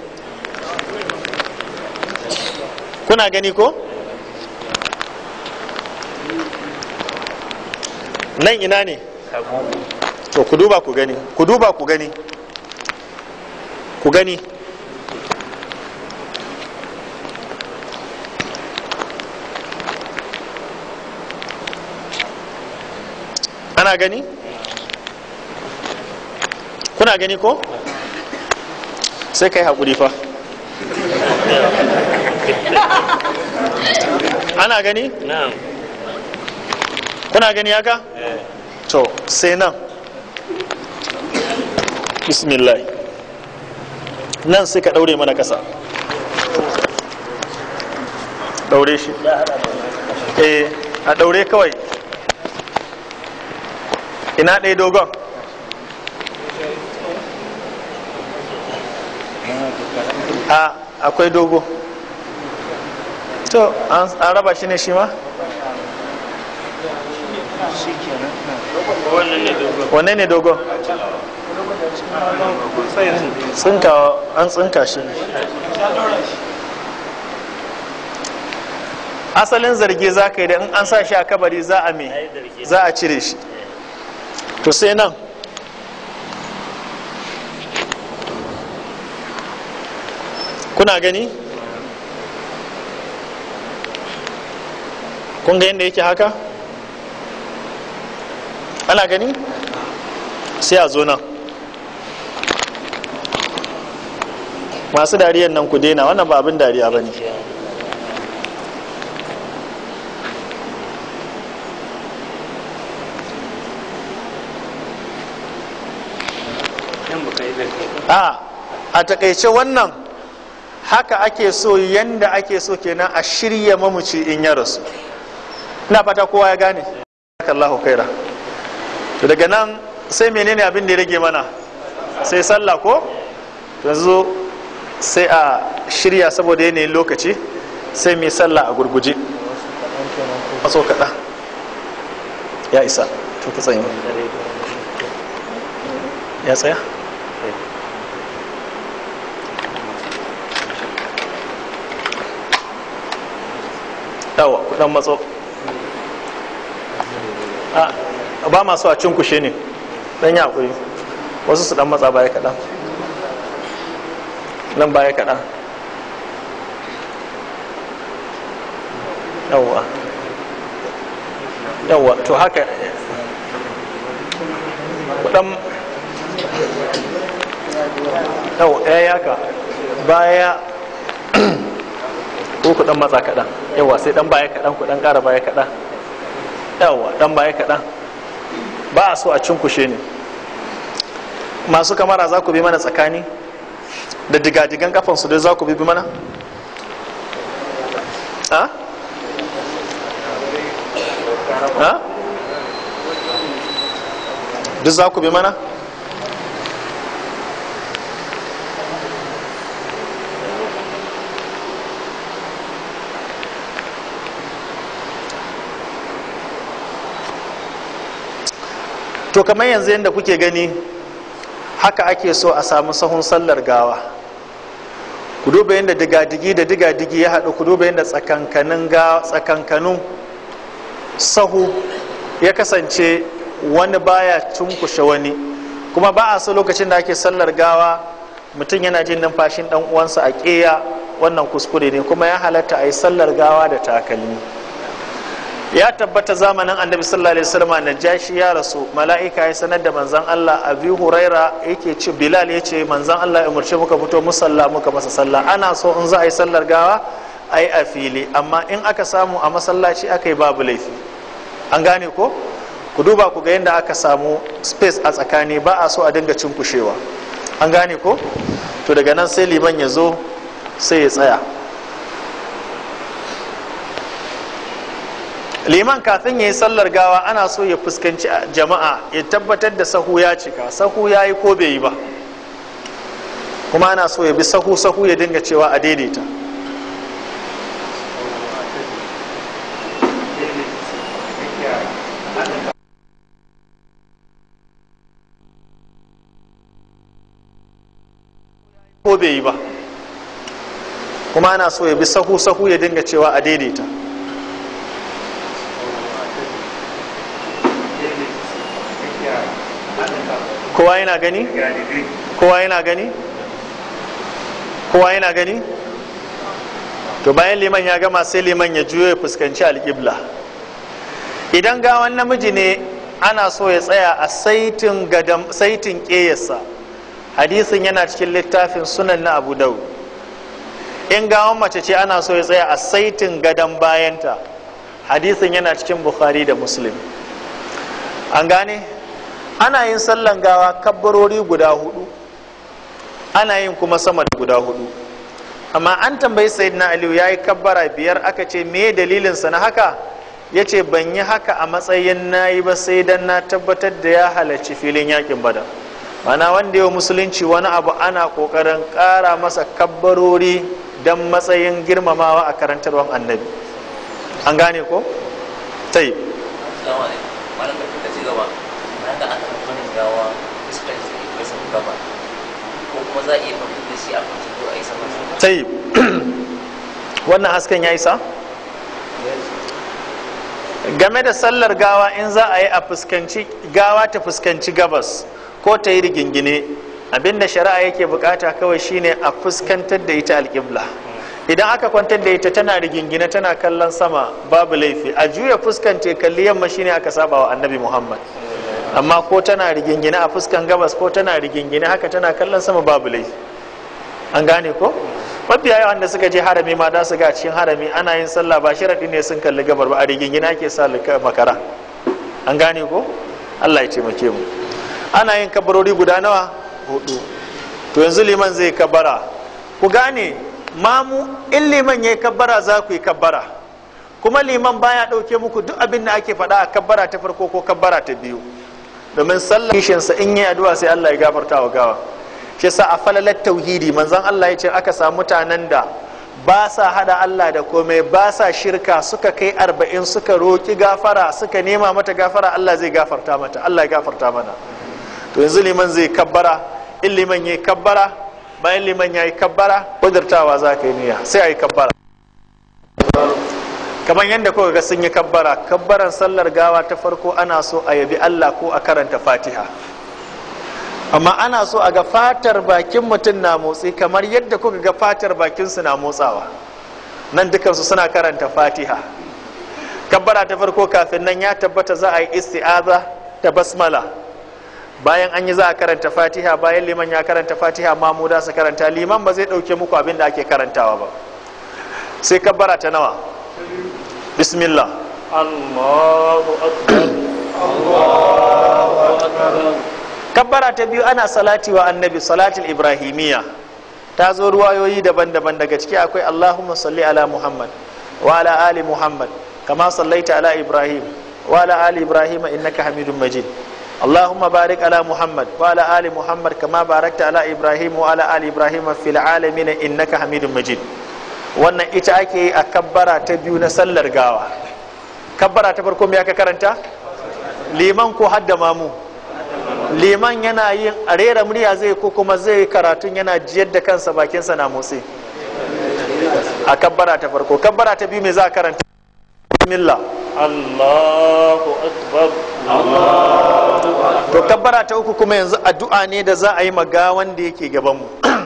kuna gani ko nan ina ne to ku duba ku gani ku duba ku gani ku gani ana gani kuna gani ko sai kai haƙuri fa ana gani? kuna gani haka? Eh. to sai nan bismillah nan sai ka daure mana kasa daure shi eh a daure kawai ina ɗaya dogon a ah, akwai dogo to an raba shi ne shi ma wanne ne dogo an tsinka shi asalin zargi za ka yi da in an sa shi a kabari za a mai za a cire shi to sai nan kuna gani? kun ga yadda yake haka ana gani sai a zo nan masu dariyan nan ku daina wannan ba abin dariya ba ne a takaice wannan haka ake so yanda ake so kenan a shirya mamaci in ya rasu ina fata kowa ya gane Allahu khaira to daga nan sai menene abin da ya rage mana sai sallah ko yanzu sai a shirya saboda yanayin lokaci sai mai sallah a gurguje maso kaɗa ya isa to ta tsaye ya tsaya yawa kudan matso ba masu a cinkushe ne dan ya hakuri wasu su dan matsa baya kaɗan nan baya kaɗan yawwa yawwa to haka kudan yawwa ya ka baya ko kudan matsa kaɗan yawwa sai dan baya kaɗan kudan ƙara baya kaɗan yawa dan baya kaɗan ba a so a cinkushe ne masu kamara za ku bi mana tsakani da digadigan kafansu dai za ku bi mana a? a? duk za ku bi mana? to kamar yanzu yadda kuke gani haka ake so a samu sahun sallar gawa ku duba yadda digadigi da digadigi ya haɗu ku duba yadda tsakankanin sahu ya kasance wani baya cunkushe wani kuma ba a so lokacin da ake sallar gawa mutum yana jin numfashin ɗan uwansa a ƙeya wannan kuskure ne kuma ya halatta a yi sallar gawa da takalmi ya tabbata zamanin annabi sallallahu alaihi wasallam najashi ya rasu mala'ika ya sanar da manzon Allah abi huraira yake ce bilal ya ce manzon Allah ya umarce muka fito musalla muka masa sallah ana so in za a yi sallar gawa a yi a fili amma in aka samu a masallaci aka babu laifi an gane ko ku duba ku ga yadda aka samu space a tsakani ba a so a dinga cinkushewa an gane ko to daga nan sai liman ya zo sai ya tsaya liman kafin ya yi sallar gawa ana so ya fuskanci jama'a ya tabbatar da sahu ya cika sahu ya yi ko bai yi ba kuma ana so ya bi sahu sahu ya dinga cewa a daidaita ko bai yi ba kuma ana so ya bi sahu sahu ya dinga cewa a daidaita kowa yana gani kowa yana gani kowa yana gani to bayan liman ya gama sai liman ya juyo ya fuskanci alƙibla idan gawan namiji ne ana so ya tsaya a saitin saitin ƙeyarsa hadisin yana cikin littafin sunan na abu in gawan mace ce ana so ya tsaya a saitin gadon bayanta hadisin yana cikin bukhari da muslim an gane ana yin sallan gawa kabbarori guda hudu ana yin kuma sama da guda hudu amma an tambayi sayyidina aliyu ya yi kabbara biyar aka ce me dalilinsa na haka ya ce ban yi haka a matsayin na yi ba sai dan na tabbatar da ya halarci filin yakin bada mana wanda yau musulunci wani abu ana kokarin kara masa kabbarori don matsayin girmamawa a karantarwar annabi an gane ko? yi. gaggawa da sun gaba ko kuma za a iya fahimtar da shi a kwanci ko a yi sama wannan hasken ya isa game da sallar gawa in za a yi a fuskanci gawa ta fuskanci gabas ko ta yi rigingine abinda shari'a yake bukata kawai shine a fuskantar da ita alƙibla idan aka kwantar da ita tana rigingine tana kallon sama babu laifi a juya fuskanta kalli yamma shine aka saba wa annabi muhammad amma ko tana rigingine a fuskan gabas ko tana rigingine haka tana kallon sama babu laifi an gane ko mafiya yawan da suka je harami ma da su ga cikin harami ana yin sallah ba ne sun kalli gabar ba a rigingine ake sa makara an gane ko Allah ya taimake mu ana yin kabarori guda nawa hudu to yanzu liman zai kabara ku gane mamu in liman ya yi kabbara za ku yi kabara. kuma liman baya ɗauke muku duk abin da ake faɗa a kabbara ta farko ko kabbara ta biyu domin sallah in yi addu'a sai Allah ya gafarta wa gawa shi sa a falalar tauhidi manzon Allah ya ce aka samu mutanen da ba sa hada Allah da komai ba sa shirka suka kai arba'in suka roƙi gafara suka nema mata gafara Allah zai gafarta mata Allah ya gafarta mana to yanzu liman zai kabbara in liman yayi kabbara bayan liman yayi kabbara kudurtawa za ka yi niyya sai ayi kabbara kamar yadda kuka ga sun yi kabbara kabbaran sallar gawa ta farko ana so a yabi Allah ko a karanta fatiha amma ana so a ga fatar bakin mutum na motsi kamar yadda kuka ga fatar su na motsawa nan dukansu suna karanta fatiha kabbara ta farko kafin nan ya tabbata za a yi isti'aza da basmala bayan an yi za a karanta fatiha bayan liman ya karanta fatiha mu da su karanta liman ba zai ɗauke muku abin da ake karantawa ba sai kabbara ta nawa bismillah Allahu akbar Allahu akbar kabbara ta biyu ana salati wa annabi salatin ibrahimiyya ta zo ruwayoyi daban-daban daga ciki akwai Allahumma salli ala Muhammad wa ala ali Muhammad kama sallaita ala Ibrahim wa ali Ibrahim innaka Hamidum Majid Allahumma barik ala Muhammad wa ali Muhammad kama barakta ala Ibrahim wa ali Ibrahim wannan ita ake yi a kabbara ta biyu na sallar gawa kabbara ta farko me aka karanta liman ko hadda mamu liman yana yin rera murya zai ko kuma zai karatun yana jiyar da kansa bakinsa na motsi a kabbara ta farko kabbara ta biyu me za a karanta bismillah Allahu akbar to kabbara ta uku kuma yanzu addu'a ne da za a yi maga wanda yake gaban mu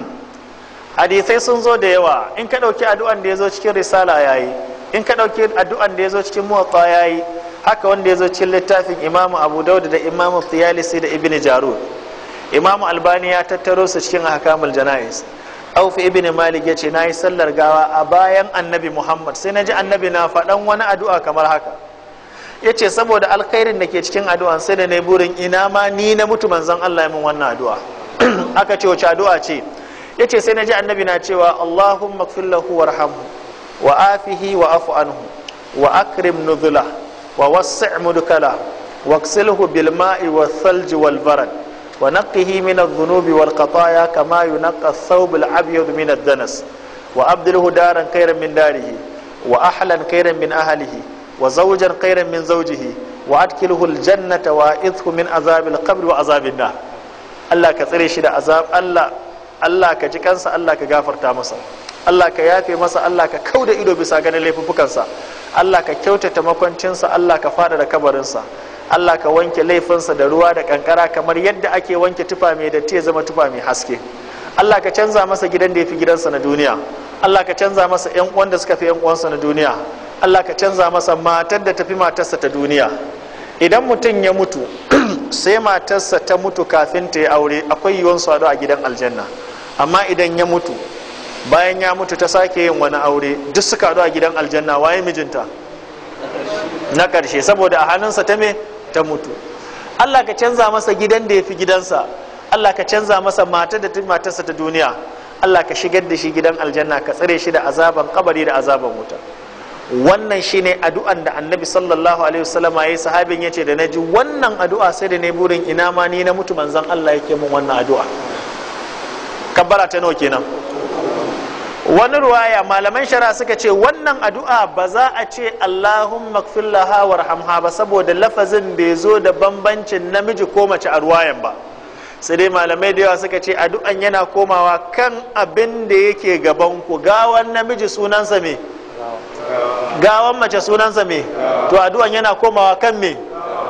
hadisai sun zo da yawa in ka ɗauki addu'an da ya zo cikin risala yayi in ka ɗauki addu'an da ya zo cikin muwatta yayi haka wanda ya zo cikin littafin imamu abu dauda da imamu tiyalisi da ibn jarud imamu albani ya tattaro su cikin hakamul jana'is aufi ibn malik ya ce na yi sallar gawa a bayan annabi muhammad sai na ji annabi na faɗan wani addu'a kamar haka ya ce saboda alkhairin da ke cikin addu'a sai da na burin ina ma ni na mutu manzon allah min wannan addu'a aka ce wace addu'a ce ya ce sai na ji annabi na cewa allahun makfillahu wa wa afihi wa afu anhu wa akrim nuzula wa wasu mudukala wa silhu bilma'i wa wal barad wa naqihi min az kama yunqa ath abyad min wa abdilhu daran khayran darihi wa ahlan khayran ahlihi wa zawjan khayran min wa adkhilhu al min azab al-qabr wa ka tsare shi da Allah ka ji kansa Allah ka gafarta masa Allah ka yafe masa Allah ka kau da ido bisa ganin laifuffukansa Allah ka kyautata makwancinsa Allah ka fada da kabarinsa Allah ka wanke laifinsa da ruwa da kankara kamar yadda ake wanke tufa mai datti ya zama tufa mai haske Allah ka canza masa gidan da ya fi gidansa na duniya Allah ka canza masa ƴan uwan da suka fi ƴan uwansa na duniya Allah ka canza masa matar da tafi matarsa ta duniya idan mutum ya mutu sai matarsa ta mutu kafin ta yi aure akwai yiwuwar sadu a gidan aljanna amma idan ya mutu bayan ya mutu ta sake yin wani aure duk suka a gidan aljanna waye mijinta na ƙarshe saboda a hannunsa ta me ta mutu Allah ka canza masa gidan da ya fi gidansa Allah ka canza masa mata da matarsa ta duniya Allah ka shigar da shi gidan aljanna ka tsare shi da azaban kabari da azaban wuta wannan shine addu'an da annabi sallallahu alaihi wasallam ya yi sahabin ya ce da na ji wannan addu'a sai da ne burin ina ma ni na mutu manzon Allah yake mun wannan addu'a kabbara ta nawa kenan wani ruwaya malaman shara suka ce wannan addu'a ba za a ce allahun makfillaha warhamha ba saboda lafazin bai zo da bambancin namiji ko mace a ruwayan ba sai dai malamai da yawa suka ce addu'an yana komawa kan abin da yake gaban ku gawan namiji sunansa me gawan mace sunansa me to addu'an yana komawa kan me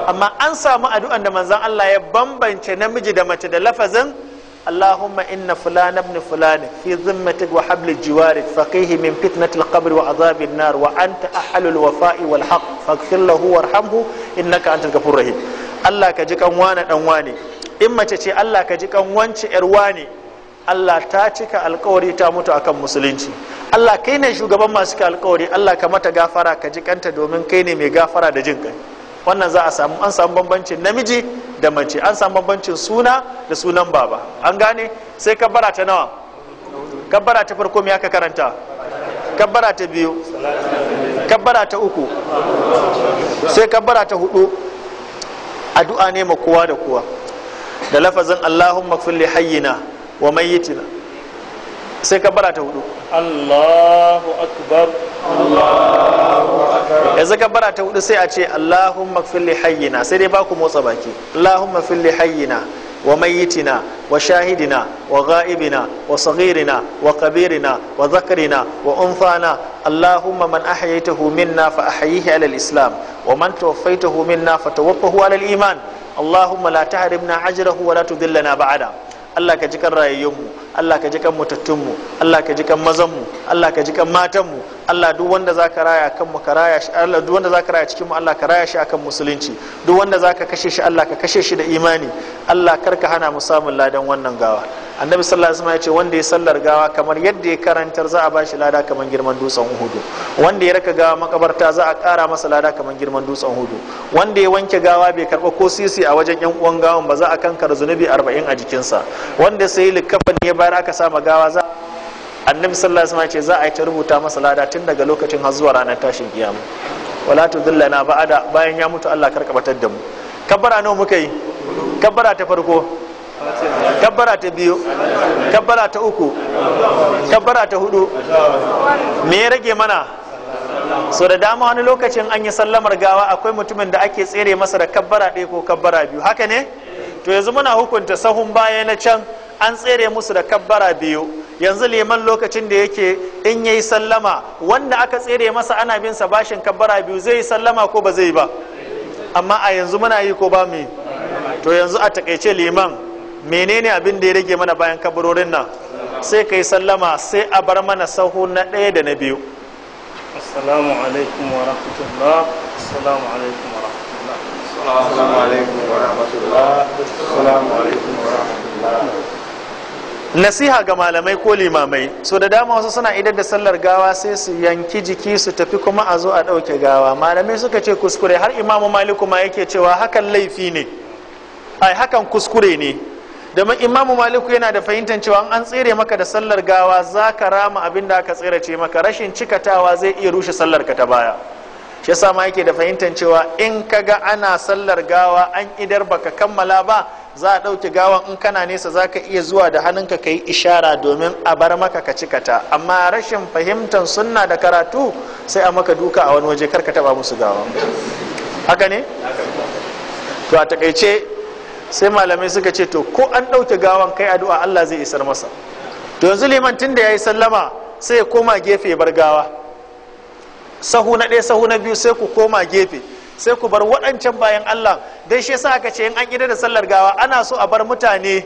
amma an samu addu'an da manzon Allah ya bambance namiji da mace da lafazin اللهم إن فلان ابن فلان في ذمتك وحبل الجوار فقيه من فتنة القبر وعذاب النار وأنت أحل الوفاء والحق فاغفر له وارحمه إنك أنت الغفور الرحيم الله كجيك وانا أنواني إما تشي الله كجيك وانش إرواني Allah ta cika alkawari ta mutu akan musulunci Allah kai ne shugaban masu alkawari Allah ka mata gafara ka ji kanta domin kai ne mai gafara da jin kai wannan za a samu an samu bambancin namiji da mace an samu bambancin suna da sunan baba an gane sai kabbara ta nawa kabbara ta farko mai aka karanta kabbara ta biyu kabbara ta uku sai kabbara ta hudu addu'a ne ma kowa da kowa da lafazin allahumma kulli hayyina wa mayyitina sai ka ta hudu Allahu akbar Allahu akbar yanzu ka bara ta hudu sai a ce Allahumma fil hayyina sai dai baku motsa baki Allahumma fil hayyina wa mayyitina wa shahidina wa ghaibina wa saghirina wa kabirina wa zakarina wa unfana Allahumma man ahyaytahu minna fa ahyihi ala islam wa man tawaffaytahu minna fa tawaffahu ala iman Allahumma la tahrimna ajrahu wa la tudillana ba'ada Allah ka ji kan rayayyunmu Allah ka ji kan mutattunmu Allah ka ji kan mazanmu Allah ka ji kan matanmu Allah duk wanda za ka raya kanmu ka raya shi Allah duk wanda za ka raya cikinmu Allah ka raya shi akan musulunci duk wanda za ka kashe shi Allah ka kashe shi da imani Allah kar ka hana mu samun ladan wannan gawa annabi sallallahu alaihi wasallam ya ce wanda ya sallar gawa kamar yadda ya karantar za a ba shi lada kamar girman dutsen hudu wanda ya raka gawa makabarta za a kara masa lada kamar girman dutsen hudu wanda ya wanke gawa bai karba ko sisi a wajen yan uwan gawan ba za a kankara zunubi 40 a jikinsa wanda sai likafan ne ba har aka sa gawa za annabi sallallahu alaihi wasallam ce za a yi ta rubuta masa lada tun daga lokacin har zuwa ranar tashin kiyama wala tudillana ba'ada bayan ya mutu Allah kar kabatar da mu kabbara nawa muka yi kabbara ta farko kabbara ta biyu kabbara ta uku kabbara ta hudu me ya rage mana so da dama wani lokacin an yi sallamar gawa akwai mutumin da ake tsere masa da kabbara ɗaya ko kabbara biyu haka ne to yanzu muna hukunta sahun baya na can an tsere musu da kabbara biyu yanzu liman lokacin da yake in ya yi sallama wanda aka tsere masa ana bin sa bashin kabbara biyu zai yi sallama ko ba zai ba amma a yanzu muna yi ko ba mu to yanzu a takaice liman menene abin da ya rage mana bayan kabarorin nan sai ka yi sallama sai a bar mana sahu na ɗaya da na biyu assalamu alaikum wa rahmatullah assalamu alaikum wa rahmatullah assalamu alaikum wa rahmatullah assalamu alaikum wa rahmatullah nasiha ga malamai ko limamai so da dama wasu suna idar da sallar gawa sai su yanki jiki su tafi kuma a zo a ɗauke gawa malamai suka ce kuskure har imamu maliku ma yake cewa hakan laifi ne ai hakan kuskure ne domin imamu maliku yana da fahimtar cewa an tsere maka da sallar gawa za ka rama abin da aka tsere ce maka rashin cikatawa zai iya rushe sallar ka ta baya shi yasa ma yake da fahimtar cewa in kaga ana sallar gawa an idar baka kammala ba za a ɗauki gawan in kana nesa za ka iya zuwa da hannunka ka yi ishara domin a bar maka ka cika ta amma rashin fahimtar sunna da karatu sai a maka duka a wani waje kar ka taba musu gawa haka ne to a takaice sai malamai suka ce to ko an ɗauke gawan kai addu'a Allah zai isar masa to yanzu liman tunda ya yayi sallama sai ya koma gefe bar gawa sahu na ɗaya sahu na biyu sai ku koma gefe sai ku bar waɗancan bayan Allah dai shi yasa aka ce in an gida da sallar gawa ana so a bar mutane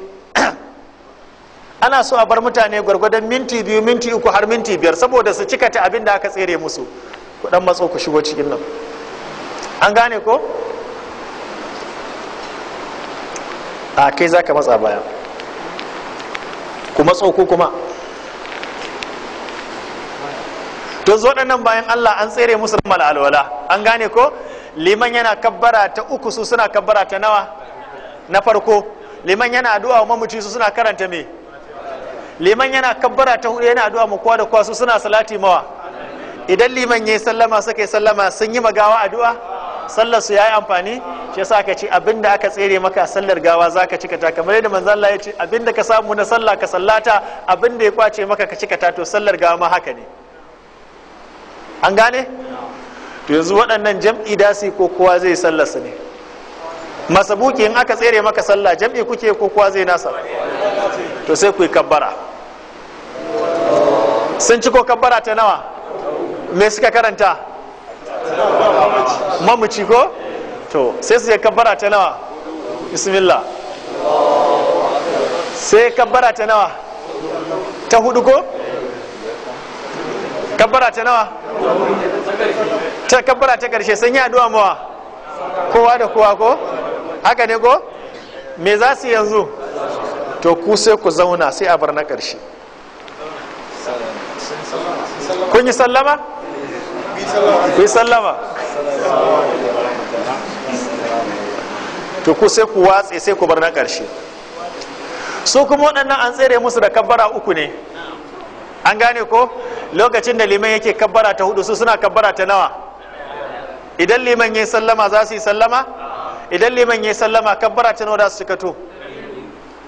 ana so a bar mutane gwargwadon minti biyu minti uku har minti biyar saboda su cika ta abin da aka tsere musu ku dan matso ku shigo cikin nan an gane ko a kai zaka matsa baya ku matso ku kuma to zo nan bayan Allah an tsere musu mal alwala an gane ko liman yana kabbara ta uku su suna kabbara ta nawa na farko liman yana addu'a wa mamuci su suna karanta me liman yana kabbara ta hudu yana addu'a mu kowa da kowa su suna salati mawa idan liman yayi sallama suka yi sallama sun yi magawa addu'a sallar su yayi amfani shi yasa aka ce abinda aka tsere maka sallar gawa zaka cika ta kamar yadda manzo Allah ya ce abinda ka samu na sallah ka sallata abinda ya kwace maka ka cika ta to sallar gawa ma haka ne an gane to yanzu waɗannan jam'i dasi ko kowa zai sallarsa ne masabuki in aka tsere maka sallah jam'i kuke ko kowa zai nasa to sai ku yi kabbara sun ci ko kabbara ta nawa me suka karanta mamuci ko to sai su yi kabbara ta nawa bismillah sai kabbara ta nawa ta hudu ko kabbara ta nawa ta kabbara ta karshe sun yi addu'a mawa kowa da kowa ko haka ne ko me za su yanzu to ku sai ku zauna sai a bar na karshe kun yi sallama ku yi sallama to ku sai ku watse sai ku bar na karshe su kuma waɗannan an tsere musu da kabbara uku ne an gane ko lokacin da liman yake kabbara ta hudu su suna kabbara ta nawa idan liman ya sallama za su yi sallama idan liman ya sallama kabbara ta nawa za su cika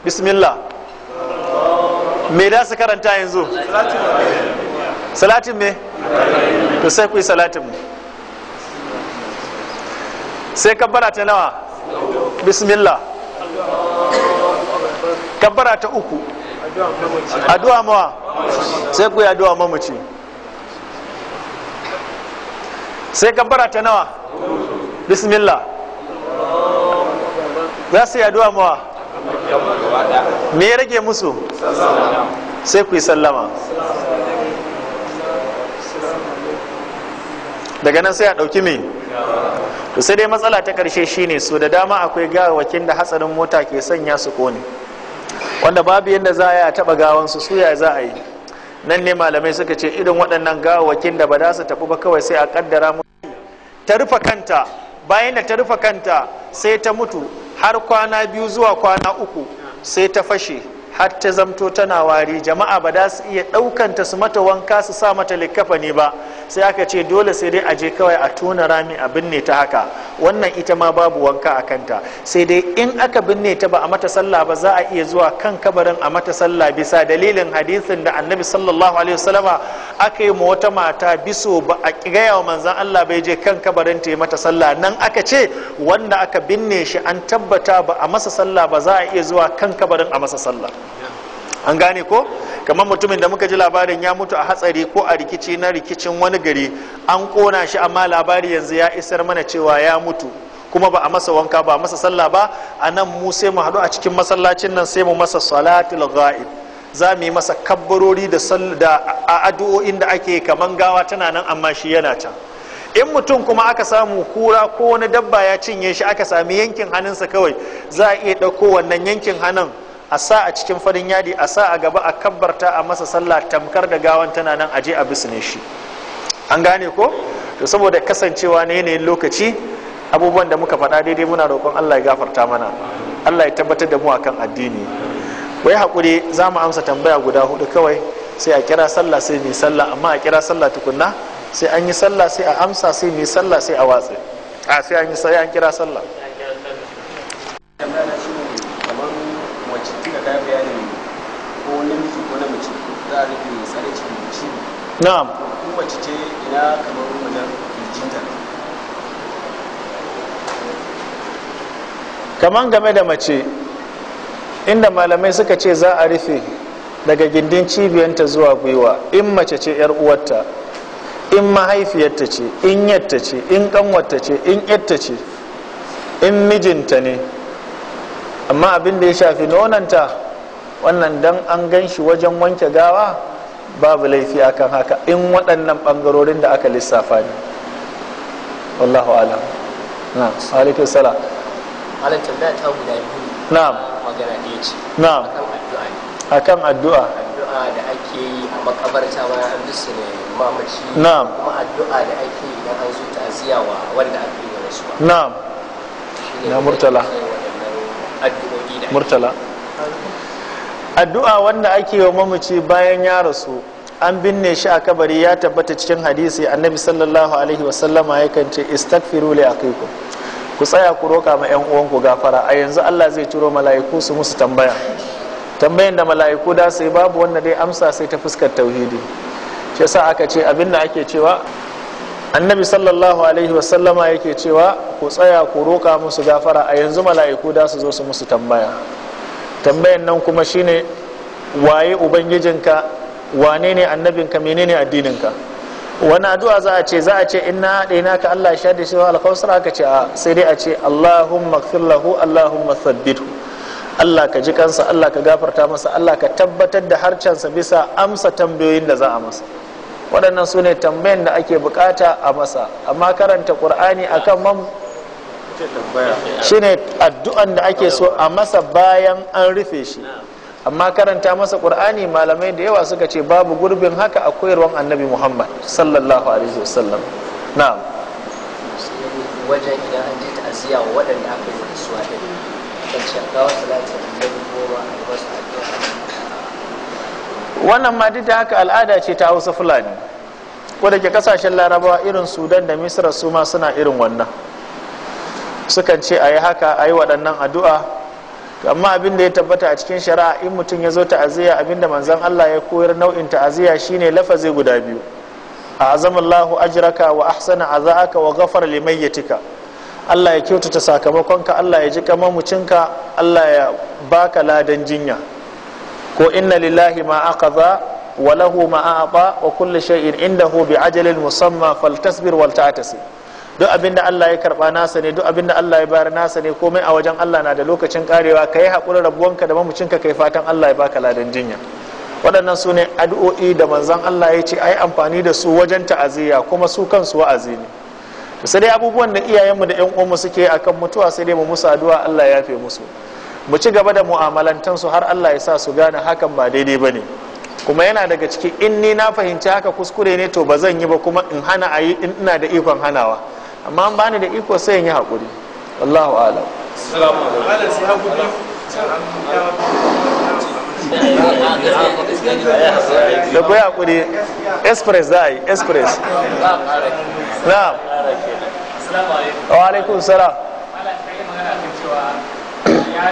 bismillah me da su karanta yanzu salatin me to sai ku yi salatin mu sai kabbara ta nawa bismillah kabbara ta uku addu'a mawa sai ku yi addu'a mamaci sai kabbara ta nawa bismillah za su yi addu'a mawa me ya rage musu sai ku yi sallama daga nan sai a ɗauki mai to sai dai matsala ta ƙarshe shine su da dama akwai gawakin da hatsarin mota ke sanya su kone wanda babu yadda za a taɓa gawansu su ya za a yi nan ne malamai suka ce irin waɗannan gawakin da ba za su tafi ba kawai sai a ƙaddara mutu ta rufe kanta bayan da ta rufe kanta sai ta mutu har kwana biyu zuwa kwana uku sai ta fashe har ta zamto tana wari jama'a ba da su iya ɗaukanta su mata wanka su sa mata likkafani ba sai aka ce dole sai dai aje kawai a tona rami a binne ta haka wannan ita ma babu wanka a kanta sai dai in aka binne ta ba a mata sallah ba za a iya zuwa kan kabarin a mata sallah bisa dalilin hadisin da annabi sallallahu alaihi wasallama aka yi ma wata mata biso ba a gaya wa manzan Allah bai je kan kabarin ta yi mata sallah nan aka ce wanda aka binne shi an tabbata ba a masa sallah ba za a iya zuwa kan kabarin a masa sallah an gane ko kamar mutumin da muka ji labarin ya mutu a hatsari ko a rikici na rikicin wani gari an kona shi amma labari yanzu ya isar mana cewa ya mutu kuma ba a masa wanka ba a masa sallah ba a nan mu sai mu haɗu a cikin masallacin nan sai mu masa salatul ghaib za mu yi masa kabbarori da addu'o'in da ake kaman gawa tana nan amma shi yana can in mutum kuma aka samu kura ko wani dabba ya cinye shi aka sami yankin hannunsa kawai za a iya ɗauko wannan yankin hannun a sa a cikin farin yadi a sa a gaba a kabbarta a masa sallah tamkar da gawan tana nan aje a bisne shi an gane ko to saboda kasancewa na yanayin lokaci abubuwan da muka faɗa daidai muna roƙon Allah ya gafarta mana Allah ya tabbatar da mu akan addini wai hakuri za mu amsa tambaya guda hudu kawai sai a kira sallah sai mai sallah amma a kira sallah tukunna sai an yi sallah sai a amsa sai mai sallah sai a watsi a sai an yi sai an kira sallah na'am ce kamar wajen mijinta kaman game da mace inda malamai suka ce za a rufe daga gindin cibiyanta zuwa gwiwa in mace ce 'yar uwarta in mahaifiyarta ce in yatta ce in kanwarta ce in yatta ce in mijinta ne amma abin da ya shafi nonanta wannan dan an gan shi wajen wanke gawa babu laifi akan haka in waɗannan ɓangarorin da aka lissafa ne wallahu alam na alaikun sala tambaya ta guda biyu na'am magana ce na'am A kan addu'a addu'a da ake yi a makabarta an ne mamaci na'am kuma addu'a da ake yi idan an zo wanda yi na'am na murtala murtala addu'a wanda ake wa mamaci bayan ya rasu an binne shi a kabari ya tabbata cikin hadisi annabi sallallahu alaihi wasallama yakan ce istaghfiru a akikum ku tsaya ku roƙa ma yan uwanku gafara a yanzu Allah zai turo mala'iku su musu tambaya tambayan da mala'iku da sai babu wanda dai amsa sai ta fuskar tauhidi shi yasa aka ce abin da ake cewa annabi sallallahu alaihi wasallama yake cewa ku tsaya ku roƙa musu gafara a yanzu mala'iku da su zo su musu tambaya tambayan nan kuma shine waye ubangijinka wane ne annabinka menene addininka wani addu'a za a ce za a ce inna haɗaina ka Allah ya da shi alkausar aka ce a sai dai a ce Allahumma lahu Allahumma thabbithu Allah ka ji kansa Allah ka gafarta masa Allah ka tabbatar da harcensa bisa amsa tambayoyin da za a masa waɗannan su ne tambayan da ake bukata a masa amma karanta ƙur'ani akan man shine addu'an da ake so a masa bayan an rufe shi amma karanta masa qur'ani malamai da yawa suka ce babu gurbin haka a koyarwan annabi muhammad sallallahu alaihi wasallam na'am aka wannan ma duk haka al'ada ce ta hausa fulani ko da ke kasashen larabawa irin sudan da misra su ma suna irin wannan sukan ce a yi haka a yi waɗannan addu'a amma abin da ya tabbata a cikin shari'a in mutum ya zo ta'aziyya abin da manzon Allah ya koyar nau'in ta'aziyya shine lafazi guda biyu A azamallahu ajraka wa ahsana aza'aka wa gafar limayyatika Allah ya kyautata sakamakonka Allah ya ji kamamucinka Allah ya baka ladan jinya ko inna lillahi ma aqadha wa lahu ma a'ta wa kullu shay'in indahu bi ajalin musamma faltasbir wal ta'tasi duk abin da Allah ya karba nasa ne duk abin da Allah ya bayar nasa ne komai a wajen Allah na da lokacin karewa ka yi haƙurin rabuwanka da mamucinka kai fatan Allah ya baka ladan jinya waɗannan su ne addu'o'i da manzon Allah ya ce ai amfani da su wajen ta'aziyya kuma su kansu wa'azi ne to sai dai abubuwan da iyayenmu da ƴan uwanmu suke akan mutuwa sai dai mu musu addu'a Allah ya yafe musu mu ci gaba da mu'amalantan su har Allah ya sa su gane hakan ba daidai ba ne. kuma yana daga ciki in ni na fahimci haka kuskure ne to ba zan yi ba kuma in hana a yi in ina da ikon hanawa amma an bani da iko sai in yi haƙuri wallahu alam da ku haƙuri express za a yi express na wa alaikun salam ya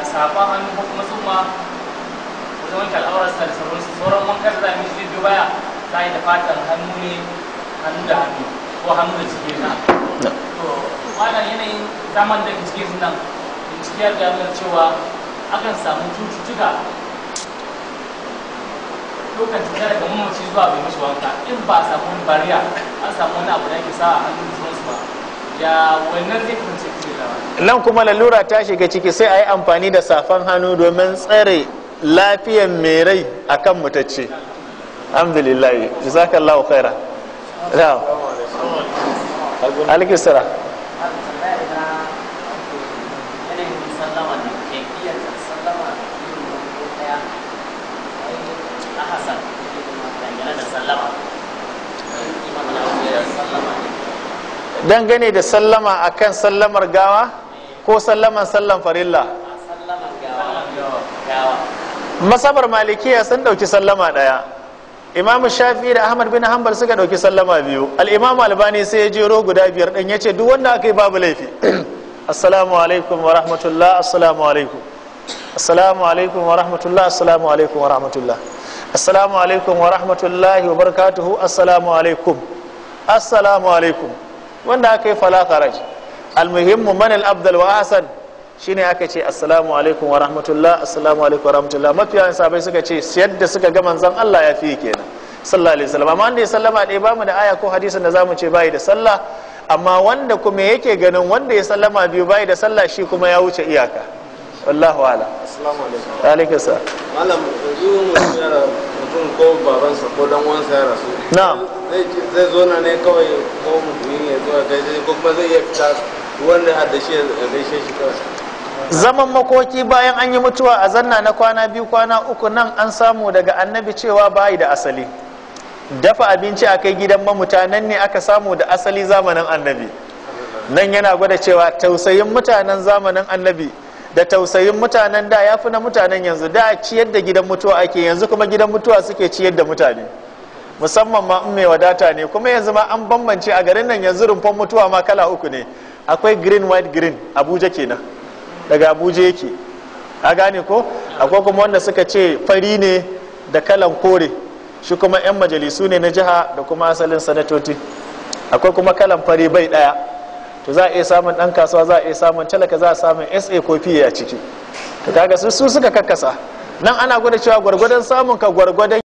a da sauransu sauran baya da fatan hannu ne hannu yanayin zaman da cikin nan bincike da nuna cewa akan samu cututtuka bariya an samu kuma lalura ta shiga ciki sai a yi amfani da safan hannu domin tsare lafiyan merai a kan mutacce alhamdulillah kaira. rawa na'am Dan gane da sallama akan sallamar gawa ko sallaman sallan farilla gawa masabar malikiya sun ɗauki sallama ɗaya Imam shafi da ahmad bin hanbal suka ɗauki sallama biyu al'imamu albani sai ya jero guda biyar ɗin ya ce duk wanda aka yi babu laifi assalamu alaikum wa rahmatullah assalamu alaikum assalamu alaikum wa rahmatullah assalamu alaikum wa rahmatullah assalamu alaikum wa rahmatullahi wa barakatuhu assalamu alaikum assalamu alaikum wanda aka yi fala kharaj al-muhimmu man al-abdal wa ahsan shine aka ce assalamu alaikum wa rahmatullah assalamu alaikum wa rahmatullah mafiya sabai suka ce yadda suka ga manzon Allah ya fi kenan sallallahu alaihi wasallam amma ya sallama dai mu da aya ko hadisin da zamu ce bai da sallah amma wanda kuma yake ganin wanda ya sallama biyu bai da sallah shi kuma ya wuce iyaka wallahu ala assalamu alaikum alaikum sa malam yanzu mutum ko babansa ko dan uwansa ya rasu na'am zai zo na ne kawai ko mutum ya zo gaishe ko kuma zai iya fita wanda haddashi ya gaishe shi kawai zaman makoki bayan an yi mutuwa a zanna na kwana biyu kwana uku nan an samu daga annabi cewa bayi da asali dafa abinci a kai gidan mamuta ne aka samu da asali zamanin annabi nan yana gwada cewa tausayin mutanen zamanin annabi da tausayin mutanen da ya fi na mutanen yanzu da ciyar da gidan mutuwa ake yanzu kuma gidan mutuwa suke ciyar da mutane musamman ma in mai wadata ne kuma yanzu ma an bambance a garin nan yanzu rumfan mutuwa ma kala uku ne akwai green white green abuja kenan daga abuja yake a gane ko akwai kuma wanda suka ce fari ne da kalan kore shi kuma 'yan majalisu ne na jiha da kuma asalin sanatoci akwai kuma kalan fari bai daya to za a iya samun dan kasuwa za a iya samun talaka za a samun sa ko fiye a ciki to kaga su suka kakkasa nan ana gwada cewa gwargwadon samun ka gwargwadon